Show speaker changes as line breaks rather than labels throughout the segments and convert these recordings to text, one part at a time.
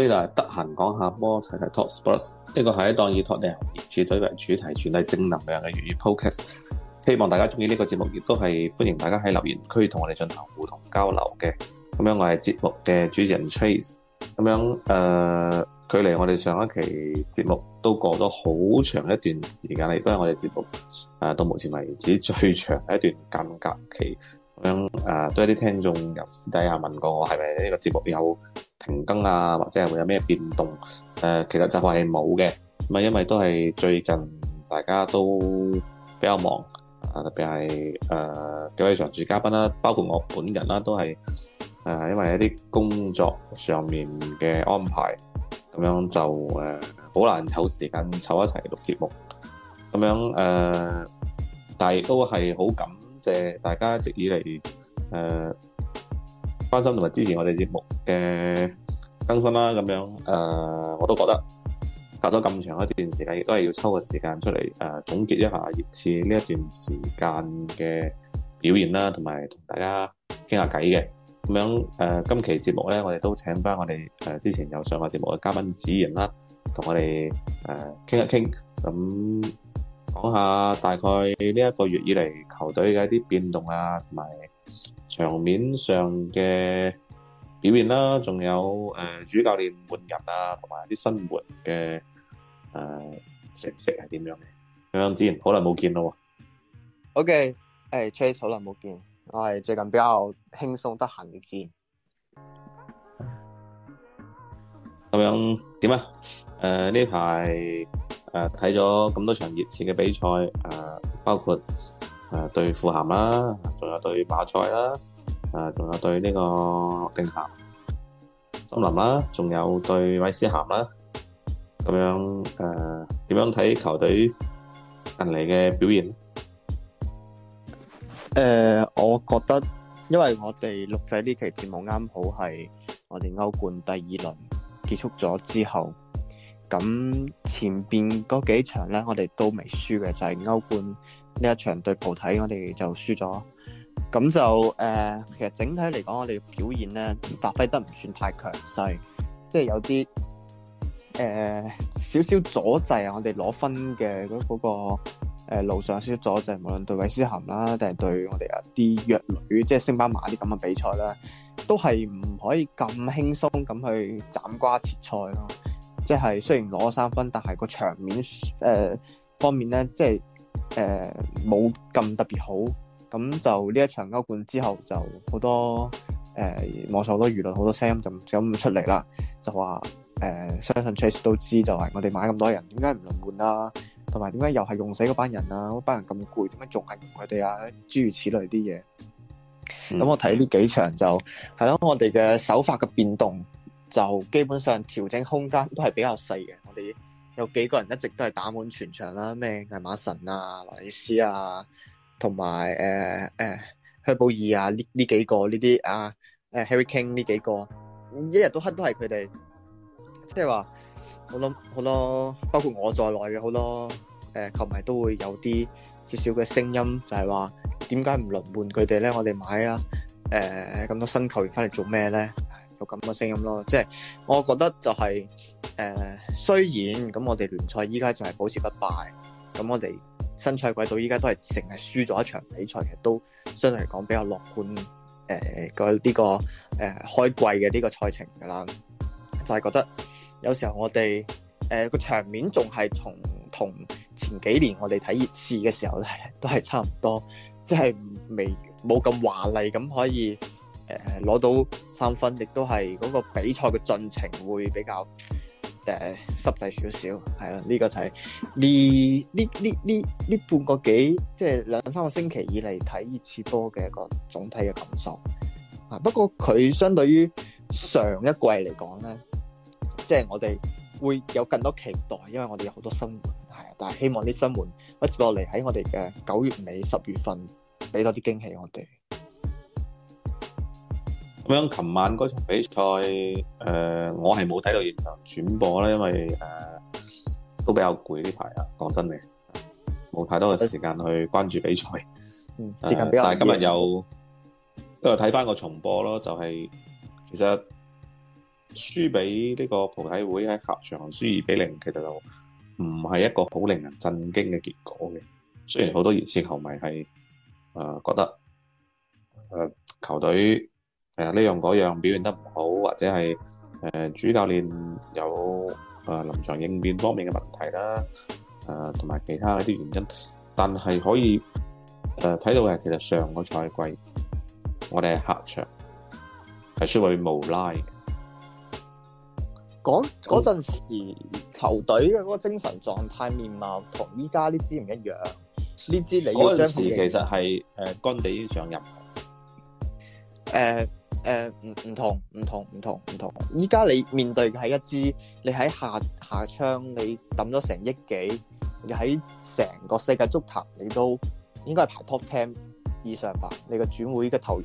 所以就係得閒講下波，齊齊 Talk Spurs。呢個係一檔以托定咸熱刺隊為主題，傳遞正能量嘅粵語 podcast。希望大家中意呢個節目，亦都係歡迎大家喺留言區同我哋進行互動交流嘅。咁樣我係節目嘅主持人 Chase。咁樣誒、呃，距離我哋上一期節目都過咗好長一段時間啦，亦都係我哋節目誒到、呃、目前為止最長一段間隔期。咁誒都有啲聽眾由私底下問過我係咪呢個節目有停更啊，或者係會有咩變動？誒其實就係冇嘅，咁啊，因為都係最近大家都比較忙啊，特別係誒幾位常駐嘉賓啦，包括我本人啦，都係誒因為一啲工作上面嘅安排，咁樣就誒好難有時間湊一齊錄節目，咁樣誒，但係都係好感謝大家一直以嚟誒、呃、關心同埋支持我哋節目嘅更新啦，咁樣誒、呃、我都覺得隔咗咁長一段時間，亦都係要抽個時間出嚟誒、呃、總結一下熱刺呢一段時間嘅表現啦，同埋同大家傾下偈嘅咁樣誒、呃。今期節目咧，我哋都請返我哋誒、呃、之前有上過節目嘅嘉賓子賢啦，同我哋誒傾一傾咁。嗯講下大概呢一個月以嚟，球隊嘅一啲變動啊，同埋場面上嘅表現啦，仲有誒主教練換人啊，同埋啲新換嘅誒成色係點樣嘅？咁樣之前，好耐冇見咯。
OK，誒，Chase 好耐冇見，我係最近比較輕鬆得閒嘅之
前。咁樣點啊？誒呢排？誒，睇咗咁多場熱刺嘅比賽，誒，包括誒對富咸啦，仲有對馬賽啦，誒，仲有對呢個定咸森林啦，仲有對韋斯咸啦，咁樣誒，點樣睇球隊近嚟嘅表現
咧？誒，我覺得，因為我哋錄製呢期節目啱好係我哋歐冠第二輪結束咗之後。咁前邊嗰幾場咧，我哋都未輸嘅，就係、是、歐冠呢一場對葡體我們，我哋就輸咗。咁就誒，其實整體嚟講，我哋表現咧發揮得唔算太強勢，即、就、係、是、有啲誒少少阻滯啊。我哋攞分嘅嗰嗰個誒路上少少阻滯，無論對韋斯咸啦，定係對我哋一啲弱旅，即、就、係、是、升班馬啲咁嘅比賽啦，都係唔可以咁輕鬆咁去斬瓜切菜咯。即係雖然攞三分，但係個場面、呃、方面咧，即係誒冇咁特別好。咁就呢一場歐冠之後就，就、呃、好多誒網上好多輿論，好多聲音就咁出嚟啦。就話、呃、相信 Chase 都知，就係我哋買咁多人，點解唔輪換啊？同埋點解又係用死嗰班人啊？嗰班人咁攰，點解仲係佢哋啊？諸如此類啲嘢。咁、嗯、我睇呢幾場就係咯，我哋嘅手法嘅變動。就基本上調整空間都係比較細嘅，我哋有幾個人一直都係打滿全場啦，咩艾馬臣啊、賴斯啊，同埋誒誒香布義啊呢呢幾個呢啲啊，誒、呃、Harry Kane 呢幾個，一日到黑都係佢哋，即係話好多好多，包括我在內嘅好多誒、呃、球迷都會有啲少少嘅聲音，就係話點解唔輪換佢哋咧？我哋買啊，誒、呃、咁多新球員翻嚟做咩咧？有咁嘅聲音咯，即、就、係、是、我覺得就係、是、誒、呃，雖然咁我哋聯賽依家仲係保持不敗，咁我哋新賽季到依家都係淨係輸咗一場比賽，其實都相對嚟講比較樂觀誒呢、呃這個誒、呃、開季嘅呢個賽程㗎啦，就係、是、覺得有時候我哋誒個場面仲係從同前幾年我哋睇熱刺嘅時候咧，都係差唔多，即係未冇咁華麗咁可以。誒攞到三分，亦都係嗰個比賽嘅進程會比較誒、 呃、濕滯少少，係啦。呢個就係呢呢呢呢呢半個幾，即係兩三個星期以嚟睇熱刺波嘅一個總體嘅感受。啊，不過佢相對於上一季嚟講咧，即係我哋會有更多期待，因為我哋有好多新援，係啊，但係希望啲新援一直落嚟喺我哋嘅九月尾、十月份俾多啲驚喜我哋。
咁樣，琴晚嗰場比賽，誒、呃，我係冇睇到現場轉播咧，因為、呃、都比較攰呢排啊，講真嘅，冇太多嘅時間去關注比賽、呃。但係今日有，都係睇返個重播囉，就係其實輸俾呢個葡體會喺客場輸二比零，其實, 0，其實就唔係一個好令人震驚嘅結果嘅。雖然好多熱刺球迷係誒、呃、覺得、呃、球隊。誒，呢樣嗰樣表現得唔好，或者係誒、呃，主教練有誒臨、呃、場應變方面嘅問題啦，誒、呃，同埋其他嗰啲原因，但係可以誒睇、呃、到係，其實上個賽季我哋係客場係輸落去無拉嘅。
講嗰陣時球隊嘅嗰個精神狀態面貌，同依家呢支唔一樣。呢支你嗰陣時其實
係誒干地已經上任，誒、
uh,。誒、uh,，唔唔同，唔同，唔同，唔同。依家你面對係一支你喺下下窗，你抌咗成億幾，喺成個世界足壇，你都應該係排 top ten 以上吧？你嘅轉會嘅投入，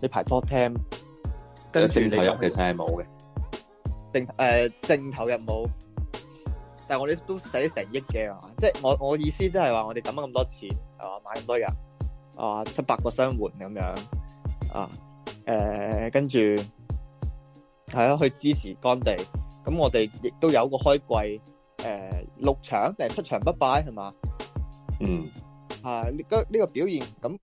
你排 top ten，跟住投入其實係冇嘅，淨誒淨投入冇。但係我哋都使成億嘅，啊。即係我我意思即係話我哋抌咁多錢，係買咁多人，啊七八個新援咁樣，啊。誒，跟住係咯，去支持干地。咁我哋亦都有個開季誒六場定係七場不敗係嘛？嗯，啊，呢個呢個表現咁，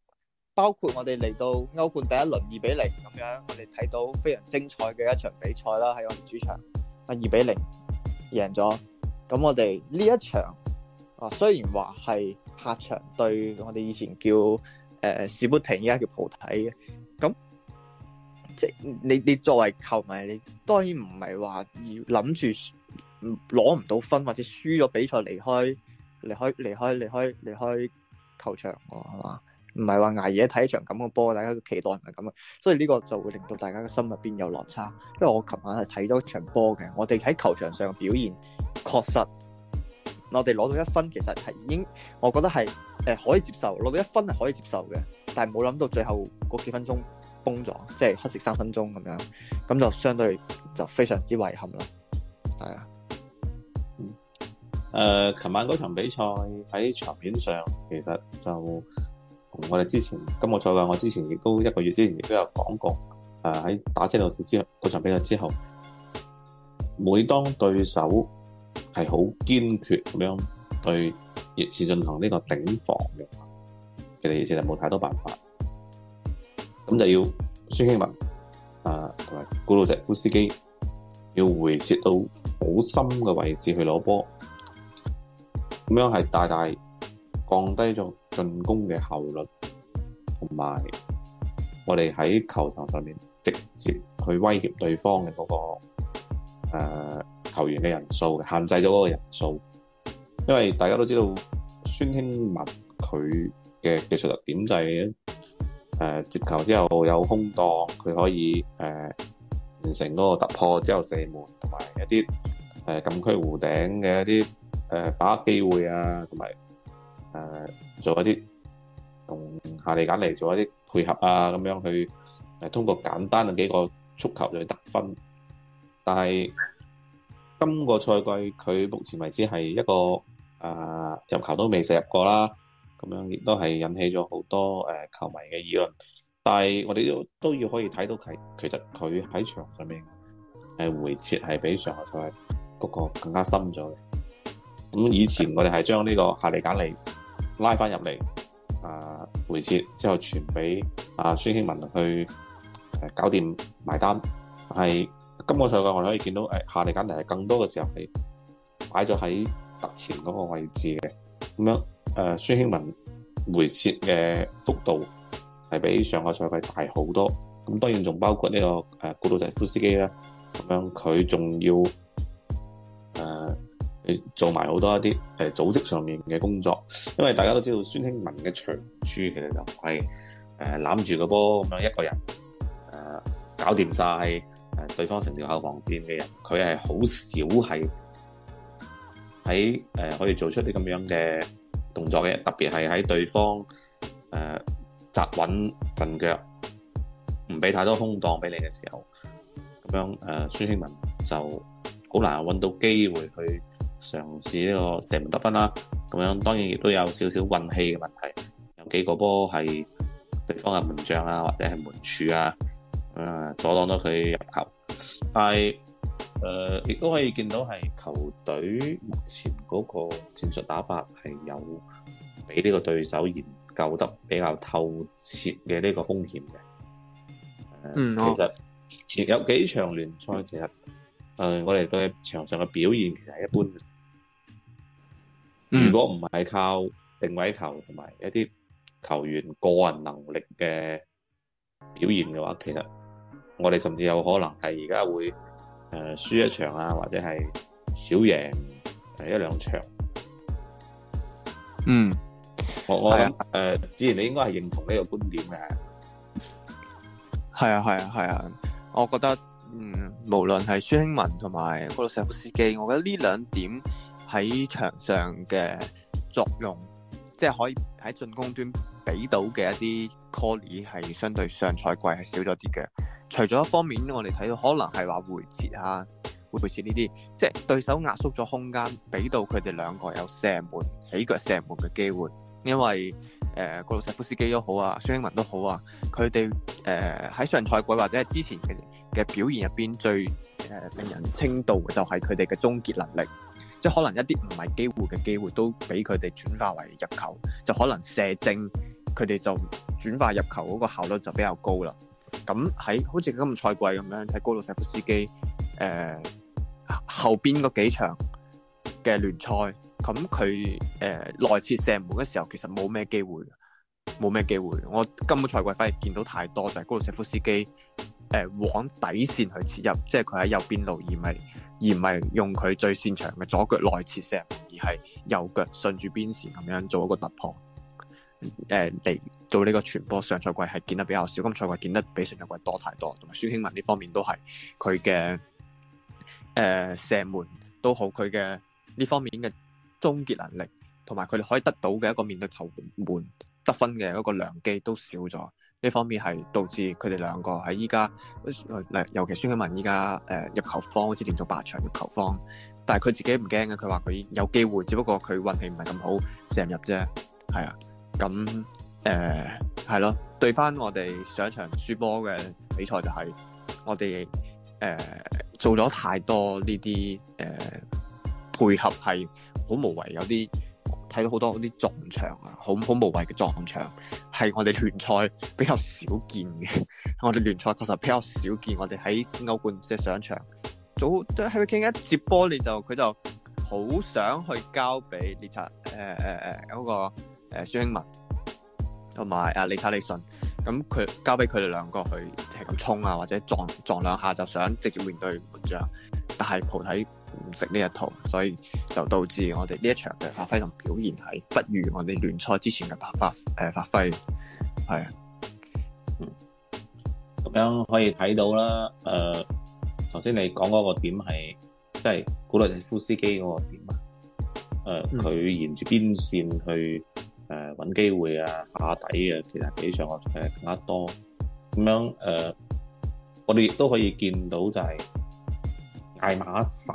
包括我哋嚟到歐冠第一輪二比零咁樣，我哋睇到非常精彩嘅一場比賽啦，喺我哋主場啊二比零贏咗。咁我哋呢一場啊，雖然話係客場對我哋以前叫誒史布廷，而家叫葡體嘅咁。即你你作為球迷，你當然唔係話要諗住攞唔到分或者輸咗比賽離開離開離開離開離開球場，係嘛？唔係話捱夜睇一場咁嘅波，大家期待係咪咁啊？所以呢個就會令到大家嘅心入邊有落差。因為我琴晚係睇咗場波嘅，我哋喺球場上嘅表現確實，我哋攞到一分，其實係已經我覺得係誒可以接受，攞到一分係可以接受嘅，但係冇諗到最後嗰幾分鐘封咗，即係黑食三分鐘咁樣，咁就相對就非常之遺憾啦，係啊。
誒、嗯，琴、呃、晚嗰場比賽喺場面上其實就同我哋之前今個賽季嘅，我之前亦都一個月之前亦都有講過。誒、呃、喺打車路之後嗰場比賽之後，每當對手係好堅決咁樣對熱刺進行呢個頂防嘅話，其實熱刺就冇太多辦法。咁就要孫興文啊，同埋古魯謝夫斯基要回撤到好深嘅位置去攞波，咁樣係大大降低咗進攻嘅效率，同埋我哋喺球場上面直接去威脅對方嘅嗰個呃球員嘅人數，限制咗嗰個人數。因為大家都知道孫興文佢嘅技術特點就係。誒，接球之後有空檔，佢可以誒、呃、完成嗰個突破之後射門，同埋一啲誒、呃、禁區弧頂嘅一啲誒、呃、把握機會啊，同埋誒做一啲同夏利簡尼嚟做一啲配合啊，咁樣去誒、呃、通過簡單嘅幾個觸球就去得分。但係今個賽季佢目前為止係一個誒入、呃、球都未射入過啦。咁樣亦都係引起咗好多誒、呃、球迷嘅議論，但係我哋都要可以睇到佢，其實佢喺場上面誒、呃、回撤係比上個賽季嗰個更加深咗嘅。咁、嗯、以前我哋係將呢個夏利簡尼拉返入嚟誒回撤、呃、之後傳俾阿孫興文去誒、呃、搞掂埋單，但係今個賽季我哋可以見到誒、呃、夏利簡尼係更多嘅時候係擺咗喺突前嗰個位置嘅，咁樣。誒孫興文回撤嘅幅度係比上個賽季大好多。咁當然仲包括呢、這個古老澤夫斯基啦。咁樣佢仲要誒、呃、做埋好多一啲誒、呃、組織上面嘅工作，因為大家都知道孫興文嘅長處其實就唔係誒攬住個波咁樣一個人誒、呃、搞掂曬誒對方成條後防線嘅人，佢係好少係喺誒可以做出啲咁樣嘅。動作嘅，特別係喺對方誒紮、呃、穩陣腳，唔俾太多空檔俾你嘅時候，咁樣誒、呃、孫興文就好難搵到機會去嘗試呢個射門得分啦。咁樣當然亦都有少少運氣嘅問題，有幾個波係對方嘅門將啊，或者係門柱啊，阻擋到佢入球，但係誒，亦都可以見到係球隊目前嗰個戰術打法係有俾呢個對手研究得比較透徹嘅呢個風險嘅。Uh, mm-hmm. 其實前有幾場聯賽，其實誒、mm-hmm. 呃，我哋對場上嘅表現其實係一般嘅。Mm-hmm. 如果唔係靠定位球同埋一啲球員個人能力嘅表現嘅話，其實我哋甚至有可能係而家會。誒、呃，輸一場啊，或者係少贏誒一兩場。
嗯，
我我誒、啊
呃，之前你應該係認同呢個觀點嘅。
係啊，係啊，係啊，我覺得，嗯，無論係孫興文同埋科洛舍夫斯基，我覺得呢兩點喺場上嘅作用，即、就、係、是、可以喺進攻端俾到嘅一啲 call 係相對上賽季係少咗啲嘅。除咗一方面，我哋睇到可能係話回撤啊，回撤呢啲，即係對手壓縮咗空間，俾到佢哋兩個有射門、起腳射門嘅機會。因為誒，格魯塞夫斯基都好啊，孫興慜都好啊，佢哋誒喺上賽季或者係之前嘅嘅表現入邊，最誒、呃、令人稱道就係佢哋嘅終結能力。即係可能一啲唔係機會嘅機會，都俾佢哋轉化為入球，就可能射正，佢哋就轉化入球嗰個效率就比較高啦。咁喺好似今個賽季咁樣，睇高盧瑟夫斯基誒、呃、後邊嗰幾場嘅聯賽，咁佢誒內切射門嘅時候，其實冇咩機會，冇咩機會。我今個賽季反而見到太多就係、是、高盧瑟夫斯基誒、呃、往底線去切入，即係佢喺右邊路而唔係而唔係用佢最擅長嘅左腳內切射門，而係右腳順住邊線咁樣做一個突破。誒、呃、嚟做呢個傳播，上賽季係見得比較少，今賽季見得比上個賽季多太多。同埋孫興文呢方面都係佢嘅誒射門都好，佢嘅呢方面嘅終結能力，同埋佢哋可以得到嘅一個面對球門得分嘅一個良機都少咗。呢方面係導致佢哋兩個喺依家，尤其孫興文依家誒入球方好似連續八場入球方，但係佢自己唔驚嘅，佢話佢有機會，只不過佢運氣唔係咁好，射唔入啫。係啊。咁誒係咯，對翻我哋上場輸波嘅比賽就係、是、我哋誒、呃、做咗太多呢啲誒配合係好無謂，有啲睇到好多啲撞牆啊，好好無謂嘅撞牆係我哋聯賽比較少見嘅。 我哋聯賽確實比較少見，我哋喺歐冠，即係上場早喺佢傾一節波，是是接你就佢就好想去交俾列察誒誒誒嗰個。誒，孫興文同埋阿李察李信，咁佢交俾佢哋兩個去係咁衝啊，或者撞撞兩下就想直接面對門將，但係葡體唔食呢一套，所以就導致我哋呢一場嘅發揮同表現係不如我哋聯賽之前嘅發誒、呃、發揮，係啊，嗯，咁
樣可以睇到啦，誒、呃，頭先你講嗰個點係即係古列夫斯基嗰個點啊，誒、呃，佢沿住邊線去。嗯誒、呃、揾機會啊，下底啊，其實比上個賽季更加多咁樣，呃、我哋都可以見到就係艾馬神，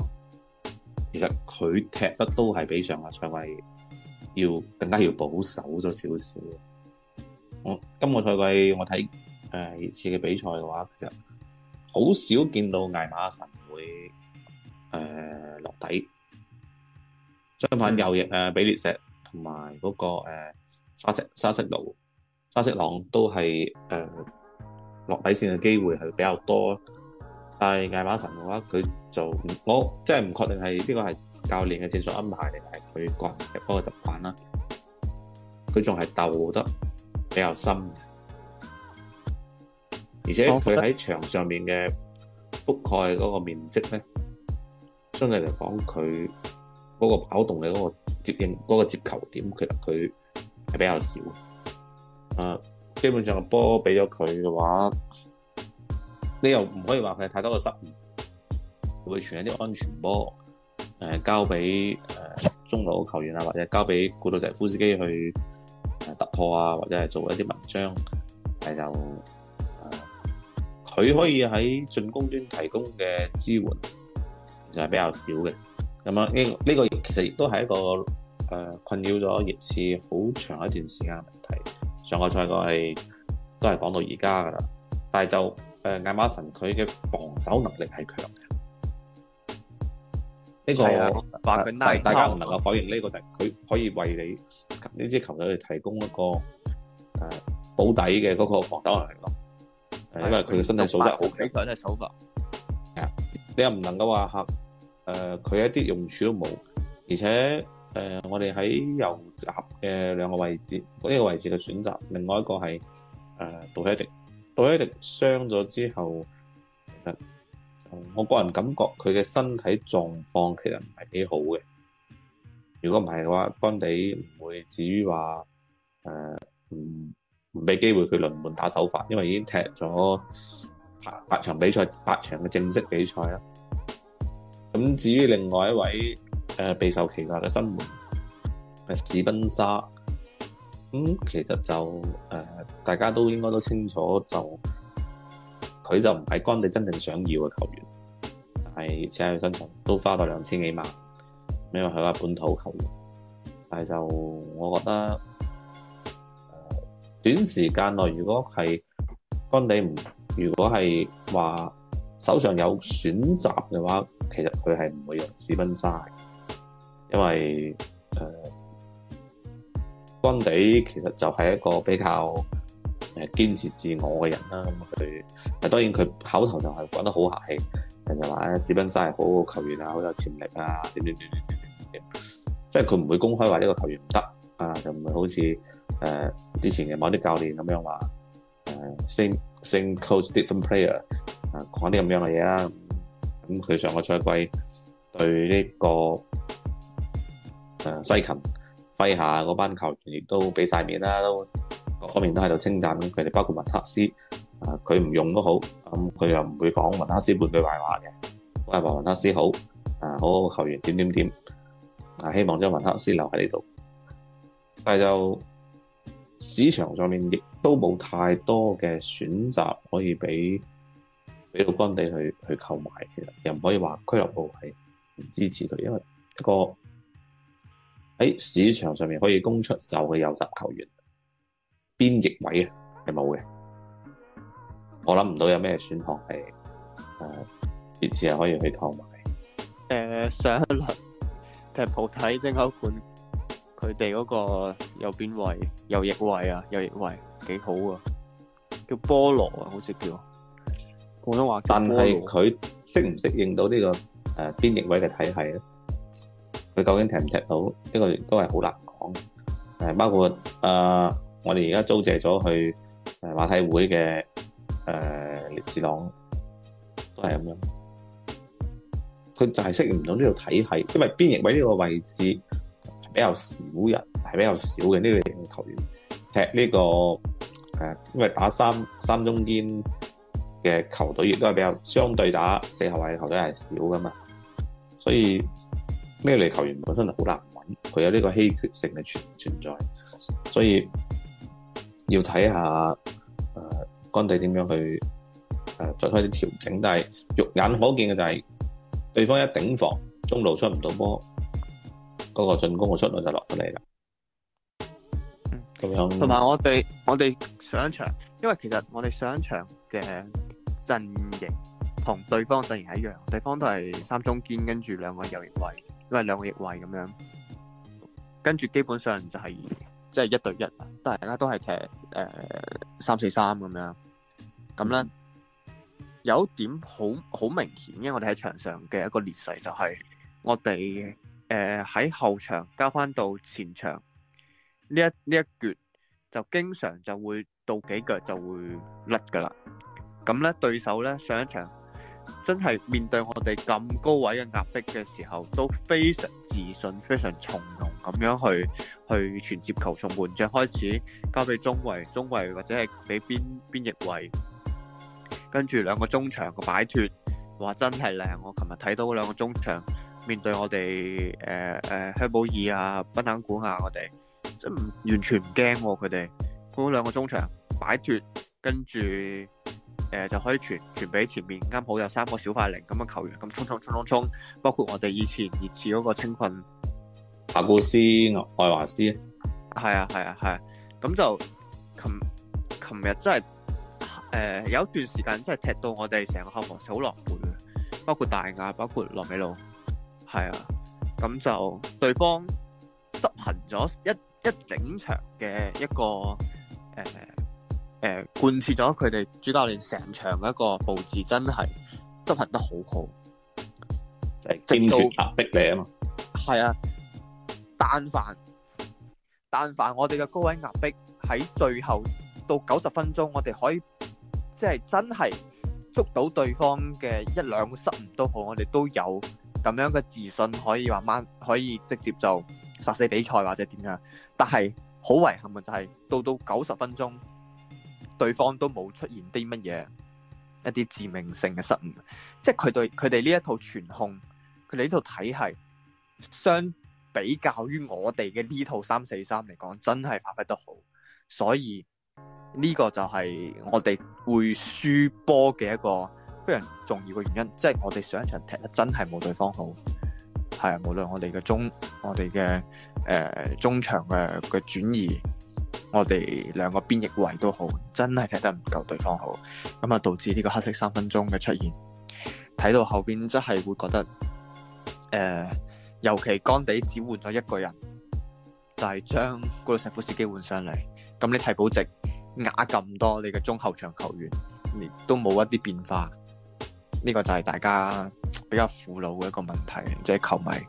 其實佢踢得都係比上個賽季要更加要保守咗少少。我今個賽季我睇誒熱刺嘅比賽嘅話，其實好少見到艾馬神會誒、呃、落底，相反右翼、呃、比列石。同埋嗰個、呃、沙石沙石路沙石朗都係誒、呃、落底線嘅機會係比較多，但係艾馬臣嘅話，佢就我即係唔確定係呢個係教練嘅戰術安排，定係佢個人嘅嗰個習慣啦。佢仲係鬥得比較深，而且佢喺場上面嘅覆蓋嗰個面積咧，相對嚟講佢。嗰個跑動嘅嗰個接應，嗰個接球點，其實佢係比較少。誒，基本上個波俾咗佢嘅話，你又唔可以話佢係太多個失誤，會傳一啲安全波，交俾中路球員啊，或者交俾古道石夫斯基去突破啊，或者係做一啲文章，係就佢可以喺進攻端提供嘅支援，就係比較少嘅。咁啊！呢、這個其實亦都係一個、呃、困擾咗熱刺好長一段時間的問題。上個賽季都係講到而家㗎啦，但係就誒、呃、艾馬臣佢嘅防守能力係強嘅。呢、這
個，啊啊啊、大家唔能
夠否認呢個，佢可以為你呢支球隊嚟提供一個、啊、保底嘅嗰個防守能力、啊、因為佢嘅身體素質 OK，佢真係手法。你又唔能夠話、啊誒、呃，佢一啲用處都冇，而且誒、呃，我哋喺右閘嘅兩個位置，呢、那個位置嘅選擇，另外一個係誒杜海迪，杜海迪傷咗之後，其實我個人感覺佢嘅身體狀況其實唔係幾好嘅。如果唔係嘅話，干地唔會至於話誒唔唔俾機會佢輪換打手法，因為已經踢咗八八場比賽，八場嘅正式比賽啦。咁至於另外一位備、呃、備受期待嘅新援，史賓沙，咁其實就、呃、大家都應該都清楚就，他就佢就唔係干地真正想要嘅球員，係而且佢身價都花到兩千幾萬，因為佢係本土球員，但係就我覺得、呃、短時間內如果係干地唔，如果係話。手上有選擇嘅話，其實佢係唔會用史賓莎。因為誒、呃，干地其實就係一個比較誒堅持自我嘅人啦。咁、嗯、佢，當然佢口頭上係講得好客氣，人哋話誒史賓莎係好好球員啊，好有潛力啊，點點點點即係佢唔會公開話呢個球員唔得啊，就唔會好似、呃、之前嘅某啲教練咁樣話先。呃升 coach different player 啊，講啲咁樣嘅嘢啦。咁佢上個賽季對呢、這個誒、呃、西芹麾下嗰班球員亦都俾晒面啦，都各方面都喺度稱讚。佢哋包括文克斯啊，佢唔用都好，咁佢又唔會講文克斯半句壞話嘅，都係話文克斯好啊，好好球員點點點啊，希望將文克斯留喺呢度。但係就。市場上面亦都冇太多嘅選擇可以畀俾干地去去購買，其實又唔可以話俱樂部係唔支持佢，因為一個喺市場上面可以供出售嘅右閘球員邊翼位嘅係冇嘅，我諗唔到有咩選項係誒，熱刺係可以去購買。誒、
呃，上一輪踢葡體即歐冠。佢哋嗰個右邊位、右翼位啊、右翼位幾好啊，叫菠蘿啊，好似叫普通話。但係佢適唔適應到呢、這個誒、呃、邊翼位嘅體系咧？
佢究竟踢唔踢到？呢、這個都係好難講。包括誒、呃、我哋而家租借咗去誒馬體會嘅誒列治朗，都係咁樣。佢就係適應唔到呢個體系，因為邊翼位呢個位置。比較少人係比較少嘅呢類型嘅球員踢呢、這個誒，因為打三三中間嘅球隊，也都係比較相對打四後衛嘅球隊係少㗎嘛，所以呢類、個、球員本身就好難搵，佢有呢個稀缺性嘅存在，所以要睇下誒，干地點樣去誒作出一啲調整，但係肉眼可見嘅就係對方一頂防中路出
唔到波。嗰個進攻嘅出路就落咗嚟啦。咁樣同埋我哋，我哋上一場，因為其實我哋上一場嘅陣型同對方陣型係一樣，對方都係三中堅跟住兩個右翼位，因為兩個翼位咁樣，跟住基本上就係即係一對一，但係大家都係踢誒三四三咁樣。咁咧，有一點好好明顯，因為我哋喺場上嘅一個劣勢就係我哋。誒、呃，喺後場交翻到前場呢一呢一橛，就經常就會到幾腳就會甩噶啦。咁呢，對手呢，上一場真係面對我哋咁高位嘅壓迫嘅時候，都非常自信、非常從容咁樣去去傳接球，從門將開始交俾中衛、中衛或者係俾邊邊翼位，跟住兩個中場嘅擺脫，哇真係靚！我琴日睇到兩個中場。面對我哋誒誒香保爾啊、賓肯古亞啊，我哋即係唔完全唔驚喎。佢哋兩兩個中場擺脱，跟住誒、呃、就可以傳傳俾前面，啱好有三個小快靈咁嘅球員咁衝，衝衝衝衝衝，包括我哋以前熱刺嗰個青訓阿古斯、呃、愛華斯，係啊係啊係啊，咁、啊啊啊啊、就琴琴日真係誒、呃、有一段時間真係踢到我哋成個後防好狼狽，包括大亞、包括羅美路。係啊，咁就對方執行咗一一整場嘅一個誒誒貫徹咗佢哋主教練成場嘅一個佈置，真係執行得好好。係堅決壓迫你啊嘛，係、嗯、啊，但凡但凡我哋嘅高位壓迫喺最後到九十分鐘，我哋可以即係真係捉到對方嘅一兩個失誤都好，我哋都有。咁樣嘅自信可以話慢，可以直接就殺死比賽或者點樣。但係好遺憾嘅就係、是、到到九十分鐘，對方都冇出現啲乜嘢一啲致命性嘅失誤。即係佢對佢哋呢一套傳控，佢哋呢套體系相比較於我哋嘅呢套三四三嚟講，真係發揮得好。所以呢個就係我哋會輸波嘅一個非常重要嘅原因，即係我哋上一場踢得真係冇對方好，係啊，無論我哋嘅中，我哋嘅誒中場嘅嘅轉移，我哋兩個邊翼位都好，真係踢得唔夠對方好，咁啊導致呢個黑色三分鐘嘅出現。睇到後邊真係會覺得，誒，尤其干地只換咗一個人，就係將古力石普斯基換上嚟，咁你替補席壓咁多，你嘅中後場球員都冇一啲變化。呢、這個就係大家比較苦惱嘅一個問題，即、就、係、是、球迷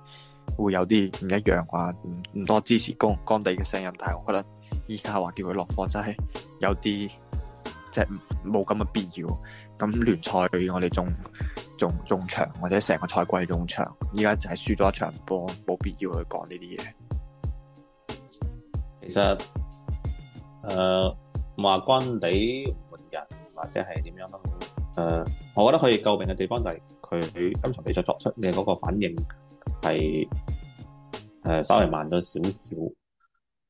會有啲唔一樣啊，唔唔多支持干干地嘅聲音。但係我覺得依家話叫佢落課真係有啲即係冇咁嘅必要。咁聯賽我哋仲仲仲長，或者成個賽季仲長。依家就係輸咗一場波，冇必要去講呢啲嘢。其實
誒話干地換人或者係點樣都好。誒、uh,，我覺得可以救命嘅地方就係佢今場比賽作出嘅嗰個反應係誒，uh, 稍微慢咗少少，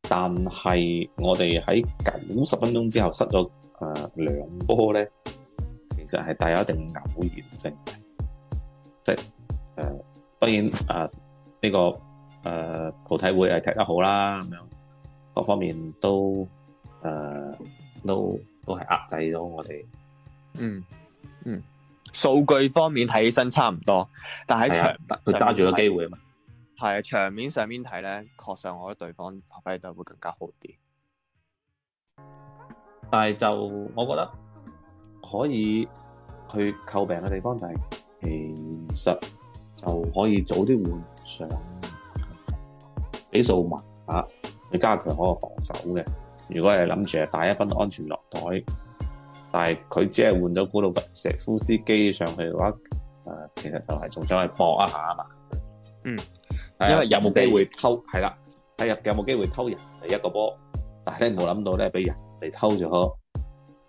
但係我哋喺九十分鐘之後失咗誒兩波咧，其實係帶有一定偶、呃、然性嘅。即係誒，uh, 當然誒呢、uh, 這個誒葡、uh, 體會係踢得好啦，咁樣各方面都
誒、uh, 都都係壓制咗我哋。嗯。嗯，數據方面睇起身差唔多，但喺場佢揸住個機會啊嘛。係啊，場面上面睇咧，確實我覺得對方發揮得會更加好啲。
但係就我覺得可以去詬病嘅地方就係、是，其實就可以早啲換上比數慢啊，去加強下個防守嘅。如果係諗住係帶一分安全落袋。但係佢只係換咗古老石夫斯基上去嘅話，誒、呃，其實就係仲想去搏一下啊嘛。嗯，因為有冇機會偷係啦？睇、嗯、下有冇機會偷人第一個波，但係咧冇諗到咧俾人哋偷咗。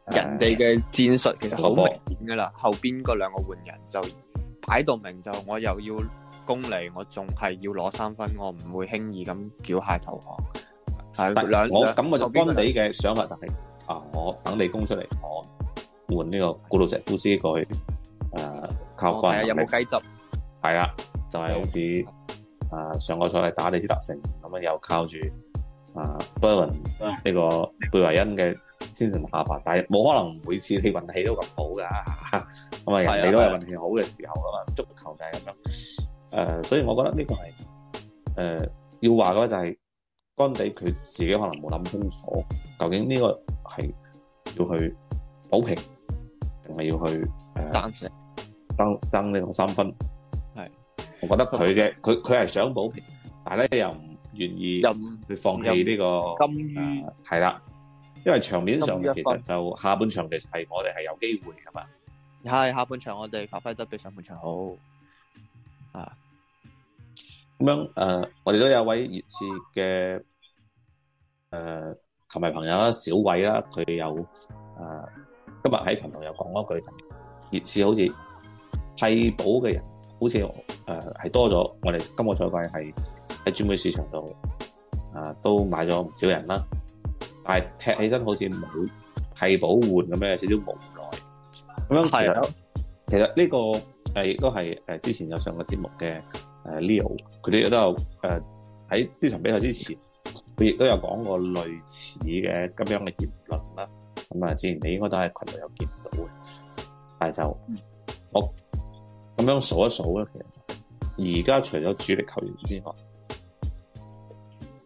人哋嘅戰術、嗯、其實好
明顯㗎啦，後邊嗰兩個換人就擺到明，就我又要攻嚟，我仲係要攞三分，我唔會輕易咁繳械投降。係兩我咁我就乾地嘅想法就係。啊！我等你攻出嚟，我
換呢個古魯石夫斯過去，誒、呃、靠關。係、哦、有冇雞汁？係啦，就係好似誒上個賽季打李斯特城咁啊，又靠住伯恩呢個貝維恩嘅天神下凡。但係冇可能每次你運氣都咁好噶，咁啊人哋都係運氣好嘅時候啊嘛。足球就係咁樣誒、呃，所以我覺得呢個係誒、呃、要話嘅就係、是。干地佢自己可能冇諗清楚，究竟呢個係要去保平，定係要去誒爭勝，爭爭呢個三分。係，我覺得佢嘅佢佢係想保平，但係咧又唔願意去放棄呢、這個。金係啦、啊，因為場面上其實就下半場其實係我哋係有機會噶
嘛。係下半場我哋發揮得比上半場
好啊。咁樣，誒、呃，我哋都有一位熱刺嘅誒球迷朋友啦，小偉啦，佢有誒、呃、今日喺群度又講嗰句，熱刺好似替補嘅人，好似誒係多咗。我哋今個賽季係喺轉會市場度啊、呃，都買咗唔少人啦，但係踢起身好似唔係替補換咁樣，有少少無奈。咁樣係其實呢個誒亦都係誒之前有上過節目嘅。誒 Leo，佢哋都有誒喺呢場比賽之前，佢亦都有講過類似嘅咁樣嘅言論啦。咁、嗯、啊，之前你應該都喺群度有見到嘅。但係就我咁、嗯、樣數一數咧，其實而家除咗主力球員之外，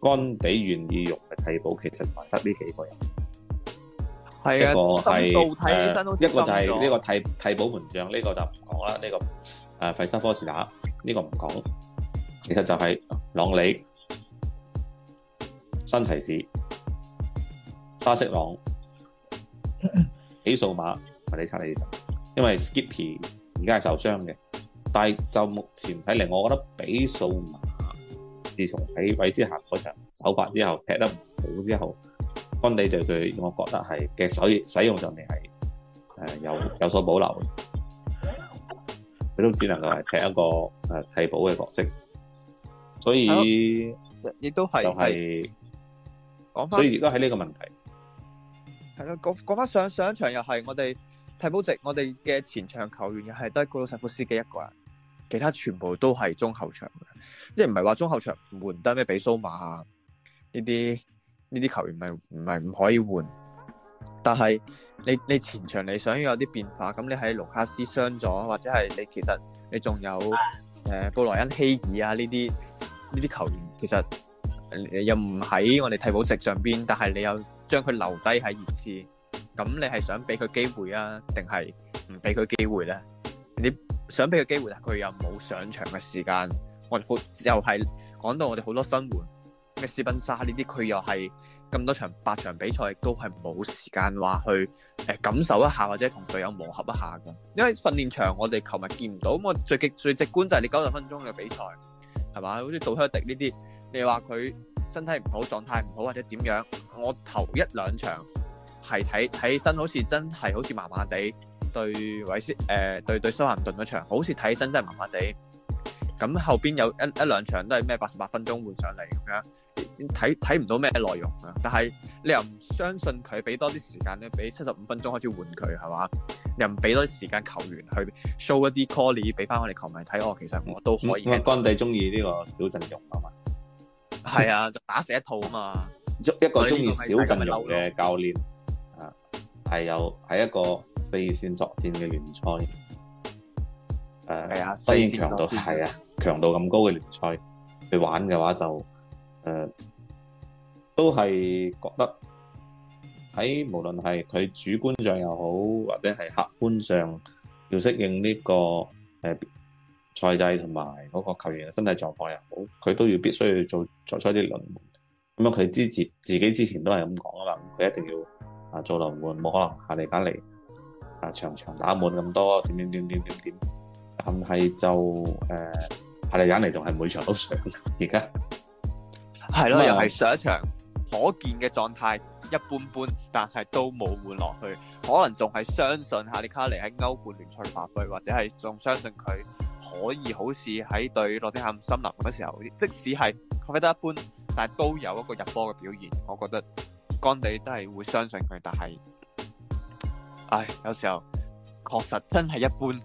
干地願意用嘅替補其實就係得呢幾個人。係啊，這個，一個係一個就係呢個替替補門將，呢，這個就唔講啦。呢，這個誒、呃、費沙科士打，呢、這個唔講，其實就係朗里、新齊士、沙色朗比數馬，我哋差你啲，因為 Skippy 而家係受傷嘅。但係就目前睇嚟，我覺得比數馬自從喺韋斯咸嗰場首發之後踢得唔好之後，干地對佢，我覺得係嘅使用上係有有,有所保留的。都只能夠係踢一個誒替補嘅角色，所以亦、就
是、都係，係講翻，所以亦都喺呢個問題係啦，講講翻上上一場又係我哋替補席，我哋嘅前場球員又係得高老實夫斯基嘅一個人，其他全部都係中後場嘅，即係唔係話中後場唔換得咩，比蘇馬呢啲呢啲球員咪唔係唔可以換。但係你你前場你想要有啲變化，咁你喺盧卡斯傷咗，或者係你其實你仲有誒、呃、布萊恩希爾啊呢啲呢啲球員，其實又唔喺我哋替補席上邊，但係你又將佢留低喺熱刺。咁你係想俾佢機會啊，定係唔俾佢機會咧？你想俾佢機會，但佢又冇上場嘅時間，我好又係講到我哋好多生活賓沙，咩斯賓莎呢啲，佢又係。咁多場八場比賽都係冇時間話去誒、呃、感受一下或者同隊友磨合一下嘅，因為訓練場我哋琴日見唔到，咁我最極最直觀就係你九十分鐘嘅比賽係嘛？好似杜克迪呢啲，你話佢身體唔好、狀態唔好或者點樣，我頭一兩場係睇睇起身好似真係好似麻麻地，對韋斯誒對對蘇蘭頓嗰場好似睇起身真係麻麻地，咁後邊有一一,一兩場都係咩八十八分鐘換上嚟咁樣。睇睇唔到咩內容啊！但係你又唔相信佢，俾多啲時間咧，俾七十五分鐘開始換佢係嘛？你又唔俾多啲時間球員去 show 一啲 callie 俾翻我哋球迷睇，我其實我都可以。乾地中意呢個小陣容啊嘛，係 啊，就打死一套啊嘛。一個中意小陣容嘅
教練、 嗯呃、啊，係有喺一個二線作戰嘅聯賽，誒，係啊，二線作戰係啊，強度咁高嘅聯賽去玩嘅話就。誒，都係覺得喺無論係佢主觀上又好，或者係客觀上要適應呢個誒賽制同埋嗰個球員嘅身體狀況又好，佢都要必須要做作出啲輪換。咁、嗯、啊，佢之前自己之前都係咁講噶嘛，佢一定要啊做輪換，冇可能夏利賈尼。長長」啊場場打滿咁多點點點點點點。但係就誒夏利賈尼仲係每場都上而家。
係咯，又係上一場可見嘅狀態一般般，但係都冇換落去，可能仲係相信哈利卡尼喺歐冠聯賽發揮，或者係仲相信佢可以好似喺對諾定咸森林嗰時候，即使係發揮得一般，但係都有一個入波嘅表現，我覺得干地都係會相信佢，但係，唉，有時候確實真係一般。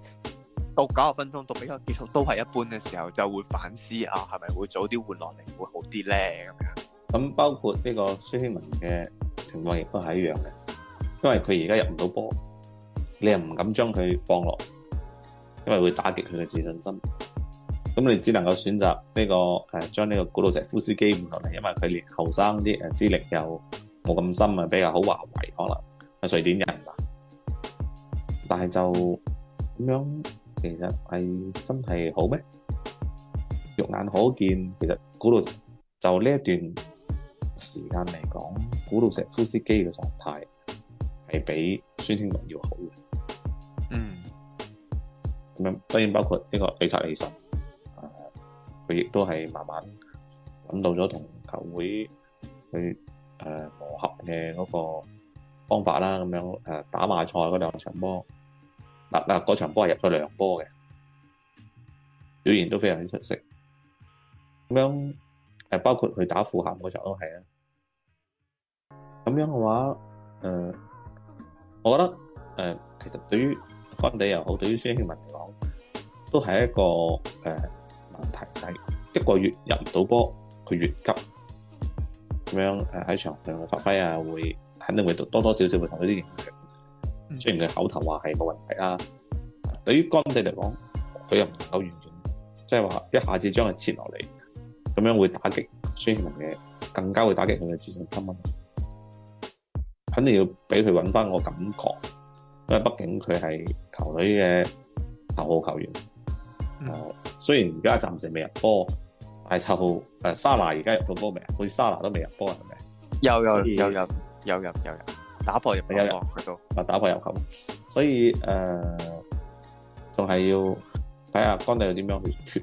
到九十分鐘到比賽結束都係一般嘅時候，就會反思啊，係咪會早啲換落嚟會好啲咧？咁樣咁包括呢個孫興文嘅
情況亦都係一樣嘅，因為佢而家入唔到波，你又唔敢將佢放落，因為會打擊佢嘅自信心。咁你只能夠選擇呢、這個誒將呢個古魯石夫斯基換落嚟，因為佢年後生啲誒資歷又冇咁深啊，比較好華為可能係瑞典人啊，但係就咁樣。其實係真係好咩？肉眼可見，其實古路就呢一段時間嚟講，古路石夫斯基嘅狀態係比孫興慜要好嘅。嗯，咁樣當然包括呢個李察利臣，佢亦都係慢慢揾到咗同球會佢誒磨合嘅嗰個方法啦。咁樣誒打馬賽嗰兩場波。嗱嗱，嗰場波係入咗兩波嘅，表現都非常出色。咁樣包括佢打副合嗰場都係啊。咁樣嘅話、呃，我覺得、呃、其實對於干地又好，對於孫興慜嚟講，都係一個誒、呃、問題。就係一個月入唔到波，佢越急，咁樣誒喺場上嘅發揮、啊、會肯定會多多少少會有啲影響。雖然佢口頭話係冇問題啦，對於干地嚟講，佢又唔夠完全，即係話一下子將佢切落嚟，咁樣會打擊孫興慜嘅，更加會打擊佢嘅自信心啊！肯定要俾佢搵翻個感覺，因為畢竟佢係球隊嘅頭號球員。嗯。雖然而家暫時未入波，但係就誒沙娜而家入到波未啊？好似沙娜都未入波係咪？有有有有有有有。有有有有打破入球，打破入球，所以誒，仲、嗯、係、呃、要睇下干地又點樣去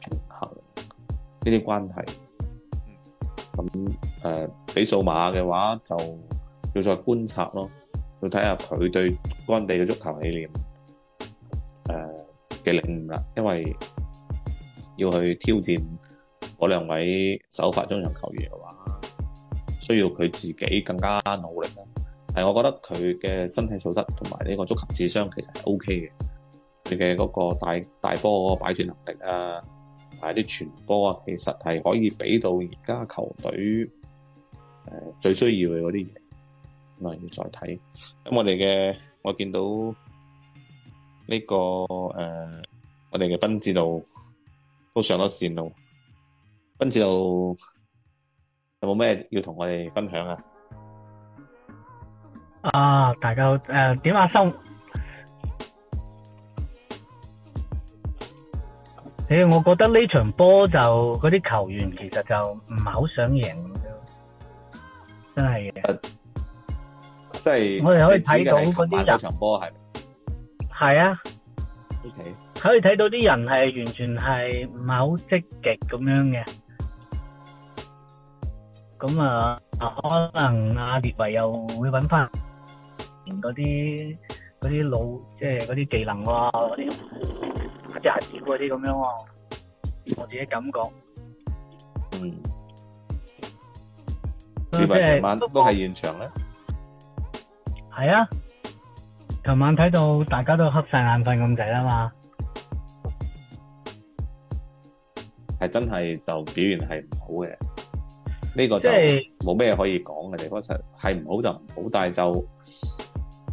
平衡呢啲關係。咁、嗯、誒、嗯呃，比數碼嘅話就要再觀察囉。要睇下佢對干地嘅足球理念誒嘅、呃、領悟啦。因為要去挑戰嗰兩位首發中場球員嘅話，需要佢自己更加努力係，我覺得佢嘅身體素質同埋呢個足球智商其實係 O K 嘅。佢嘅嗰個大大波嗰個擺脱能力啊，啲傳波啊，其實係可以俾到而家球隊、呃、最需要嘅嗰啲嘢。咁我哋再睇咁，我哋嘅我見到呢、這個誒、呃，我哋嘅斌指導都上咗線咯。斌指導有冇咩要同我哋分享啊？
啊！大家好，誒，點下心？誒，我覺得呢場波就嗰啲球員其實就唔係好想贏，真係嘅。即
係我哋可以睇到嗰啲人，嗰場波
係係啊，OK，可以睇到啲人係完全係唔係好積極咁樣嘅。咁啊，可能阿列維又會搵返。嗰啲嗰啲老即係嗰啲技能喎，嗰啲一隻鞋子嗰啲咁
樣喎，我自己感覺，嗯，呢
排琴晚都都係現場咧，係啊，琴晚睇到大家都黑曬眼瞓咁滯啊嘛，
係真係就表現係唔好嘅，呢個就係冇咩可以講嘅地方，實係唔好就唔好，但係就。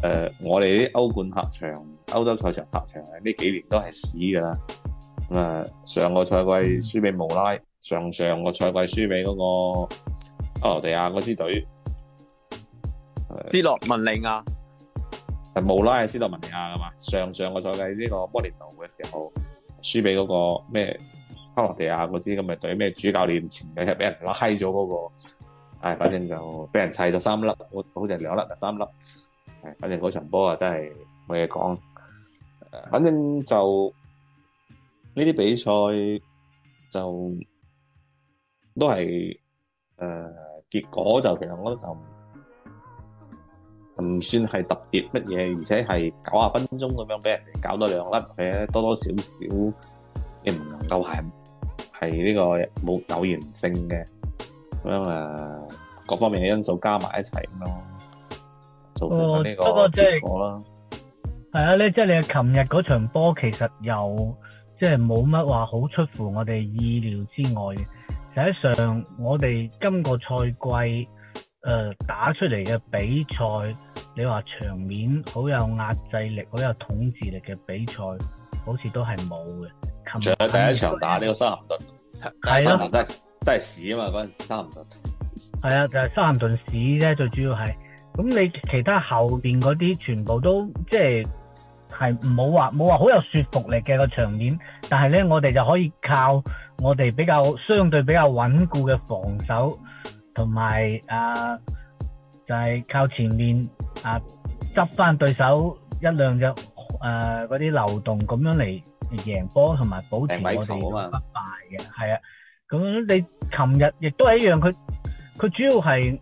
誒、uh,，我哋啲歐冠客場、歐洲賽場客場呢幾年都係屎噶啦。咁啊，上個賽季輸俾慕拉，上上個賽季輸俾嗰個克羅地亞嗰支隊，斯洛文尼亞。係、uh, 慕拉係斯洛文尼亞噶嘛？上上個賽季呢個摩連奴嘅時候輸，輸俾嗰個咩克羅地亞嗰支咁嘅隊，咩主教練前兩日俾人拉閪咗嗰個，誒、哎，反正就俾人砌咗三粒，我好似係兩粒定三粒。誒，反正嗰場波啊，真係冇嘢講。誒，反正就呢啲比賽就都係誒結果就其實我覺得就唔算係特別乜嘢，而且係九十分鐘咁樣俾人搞多兩粒嘅，多多少少亦都唔能夠係呢個冇偶然性嘅咁樣啊，各方面嘅因素加埋一齊咯。.哦，不過
即係係啊，咧即係你啊，琴日嗰場波其實又，即係冇乜話好出乎我哋意料之外嘅。實際上，我哋今個賽季誒打出嚟嘅比賽，你話場面好有壓制力、好有統治力嘅比賽，好似都係冇嘅。琴日第一
場打呢個沙咸頓，係啊，真真係屎啊嘛！嗰陣時
沙咸頓，係啊，就係沙咸頓屎咧，最主要係。咁你其他後邊嗰啲全部都即係係冇話冇話好有説服力嘅個場面，但係咧我哋就可以靠我哋比較相對比較穩固嘅防守同埋啊，就係靠前面啊執翻對手一兩隻誒嗰啲漏洞咁樣嚟贏波同埋保持我哋不敗嘅，係啊。咁你琴日亦都係一樣，佢佢主要係。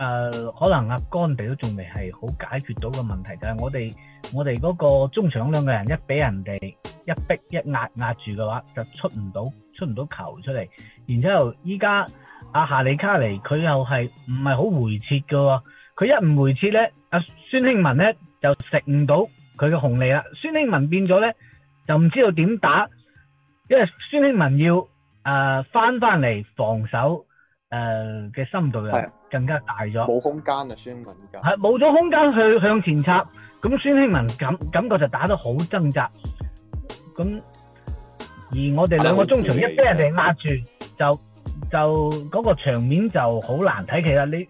誒，可能阿干地都仲未係好解決到個問題，就係我哋我哋嗰個中場兩個人一俾人哋一逼一壓壓住嘅話，就出唔到出唔到球出嚟。然之後依家阿夏利卡尼佢又係唔係好回撤㗎喎？佢一唔回撤呢，阿孫興文呢就食唔到佢嘅紅利啦。孫興文變咗呢就唔知道點打，因為孫興文要誒返返嚟防守誒嘅深度嘅。更加大咗，冇空間啊，孫興文係冇咗空間去向前插，咁孫興文感感覺就打得好掙扎。咁而我哋兩個中場一俾人哋壓住，就就嗰個場面就好難睇。其實你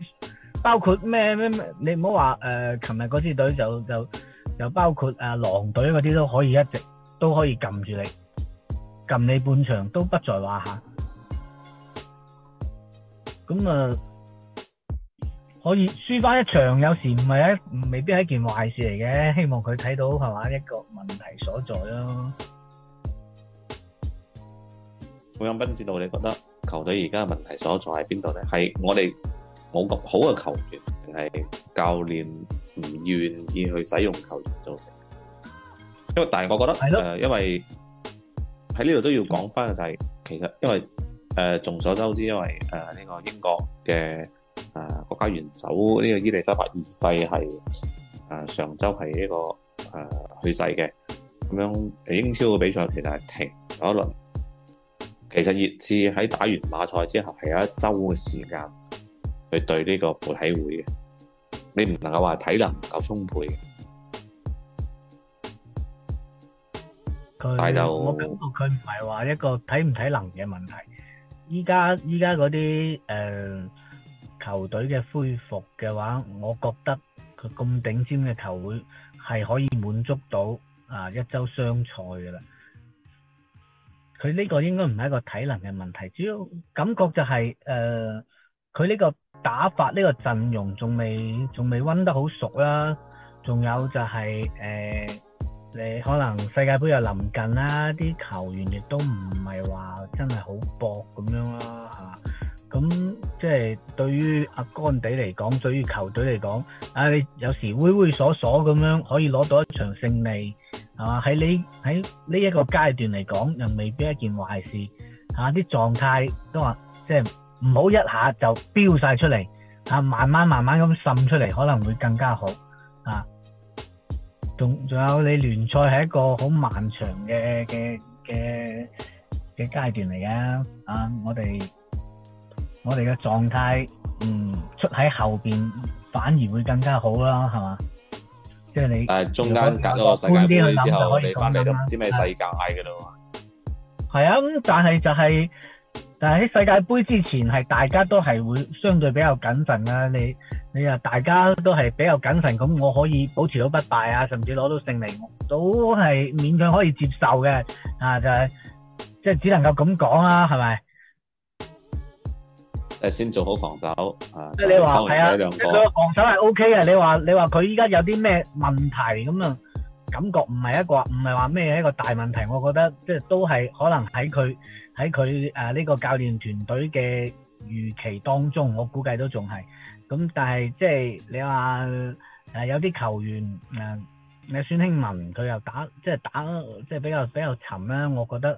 包括咩咩咩，你唔好話誒，琴日嗰支隊就就就包括啊狼隊嗰啲都可以一直都可以撳住你，撳你半場都不在話下。咁啊～可以輸翻一場，有時唔係一，未必係一件壞事嚟嘅。希望佢睇到係嘛一個問題所在咯。
伍仰斌知道你覺得球隊而家嘅問題所在喺邊度咧？係我哋冇咁好嘅球員，定係教練唔願意去使用球員造成？因為但係我覺得係咯，誒，因為喺呢度都要講翻嘅就係，其實因為誒眾所周知，因為誒呢個英國嘅。打完走呢、這個伊利沙伯二世係，啊上週係呢個誒、呃、去世嘅，咁樣英超嘅比賽其實係停咗一輪。其實熱刺喺打完馬賽之後係有一周嘅時間去對呢個媒體會嘅，你唔能夠話體能唔夠充沛
嘅。佢 我感覺佢唔係話一個體唔體能嘅問題，依家依家嗰啲誒。球隊嘅恢復嘅話，我覺得佢咁頂尖嘅球會係可以滿足到啊一週雙賽嘅啦。佢呢個應該唔係一個體能嘅問題，主要感覺就係誒佢呢個打法、呢個陣容仲未仲未溫得好熟啦、啊。仲有就係、是、誒、呃、你可能世界盃又臨近啦、啊，啲球員亦都唔係話真係好薄咁樣啦、啊、嚇。咁即係對於阿干地嚟講，對於球隊嚟講，啊你有時猥猥瑣瑣咁樣可以攞到一場勝利，係嘛？啊，喺呢喺呢一個階段嚟講，又未必一件壞事，啊啲狀態都話即係唔好一下就飆晒出嚟，啊慢慢慢慢咁滲出嚟，可能會更加好，啊！仲仲有你聯賽係一個好漫長嘅嘅嘅嘅階段嚟嘅，啊我哋。我哋嘅狀態，嗯，出喺後邊反而會更加好啦，係嘛？即係你，誒，中間隔咗個世界杯之後，你翻嚟都唔知咩世界噶咯？係啊，咁但係就係，但係喺世界杯之前係大家都係會相對比較謹慎啦。你你啊，大家都係比較謹慎，咁我可以保持到不敗啊，甚至攞到勝利，都係勉強可以接受嘅。啊，就係即係只能夠咁講啦，係咪？
先做好防守你啊！即係你
話，係啊，佢個防守係 O K 嘅。你話你話佢依家有啲咩問題咁啊？感覺唔係一個唔係話咩一個大問題。我覺得即係都係可能喺佢喺佢誒呢個教練團隊嘅預期當中，我估計都仲係咁。但係即係你話誒、啊、有啲球員誒，阿、啊、孫興文佢又打即係、就是、打即係、就是就是、比較比較沉啦。我覺得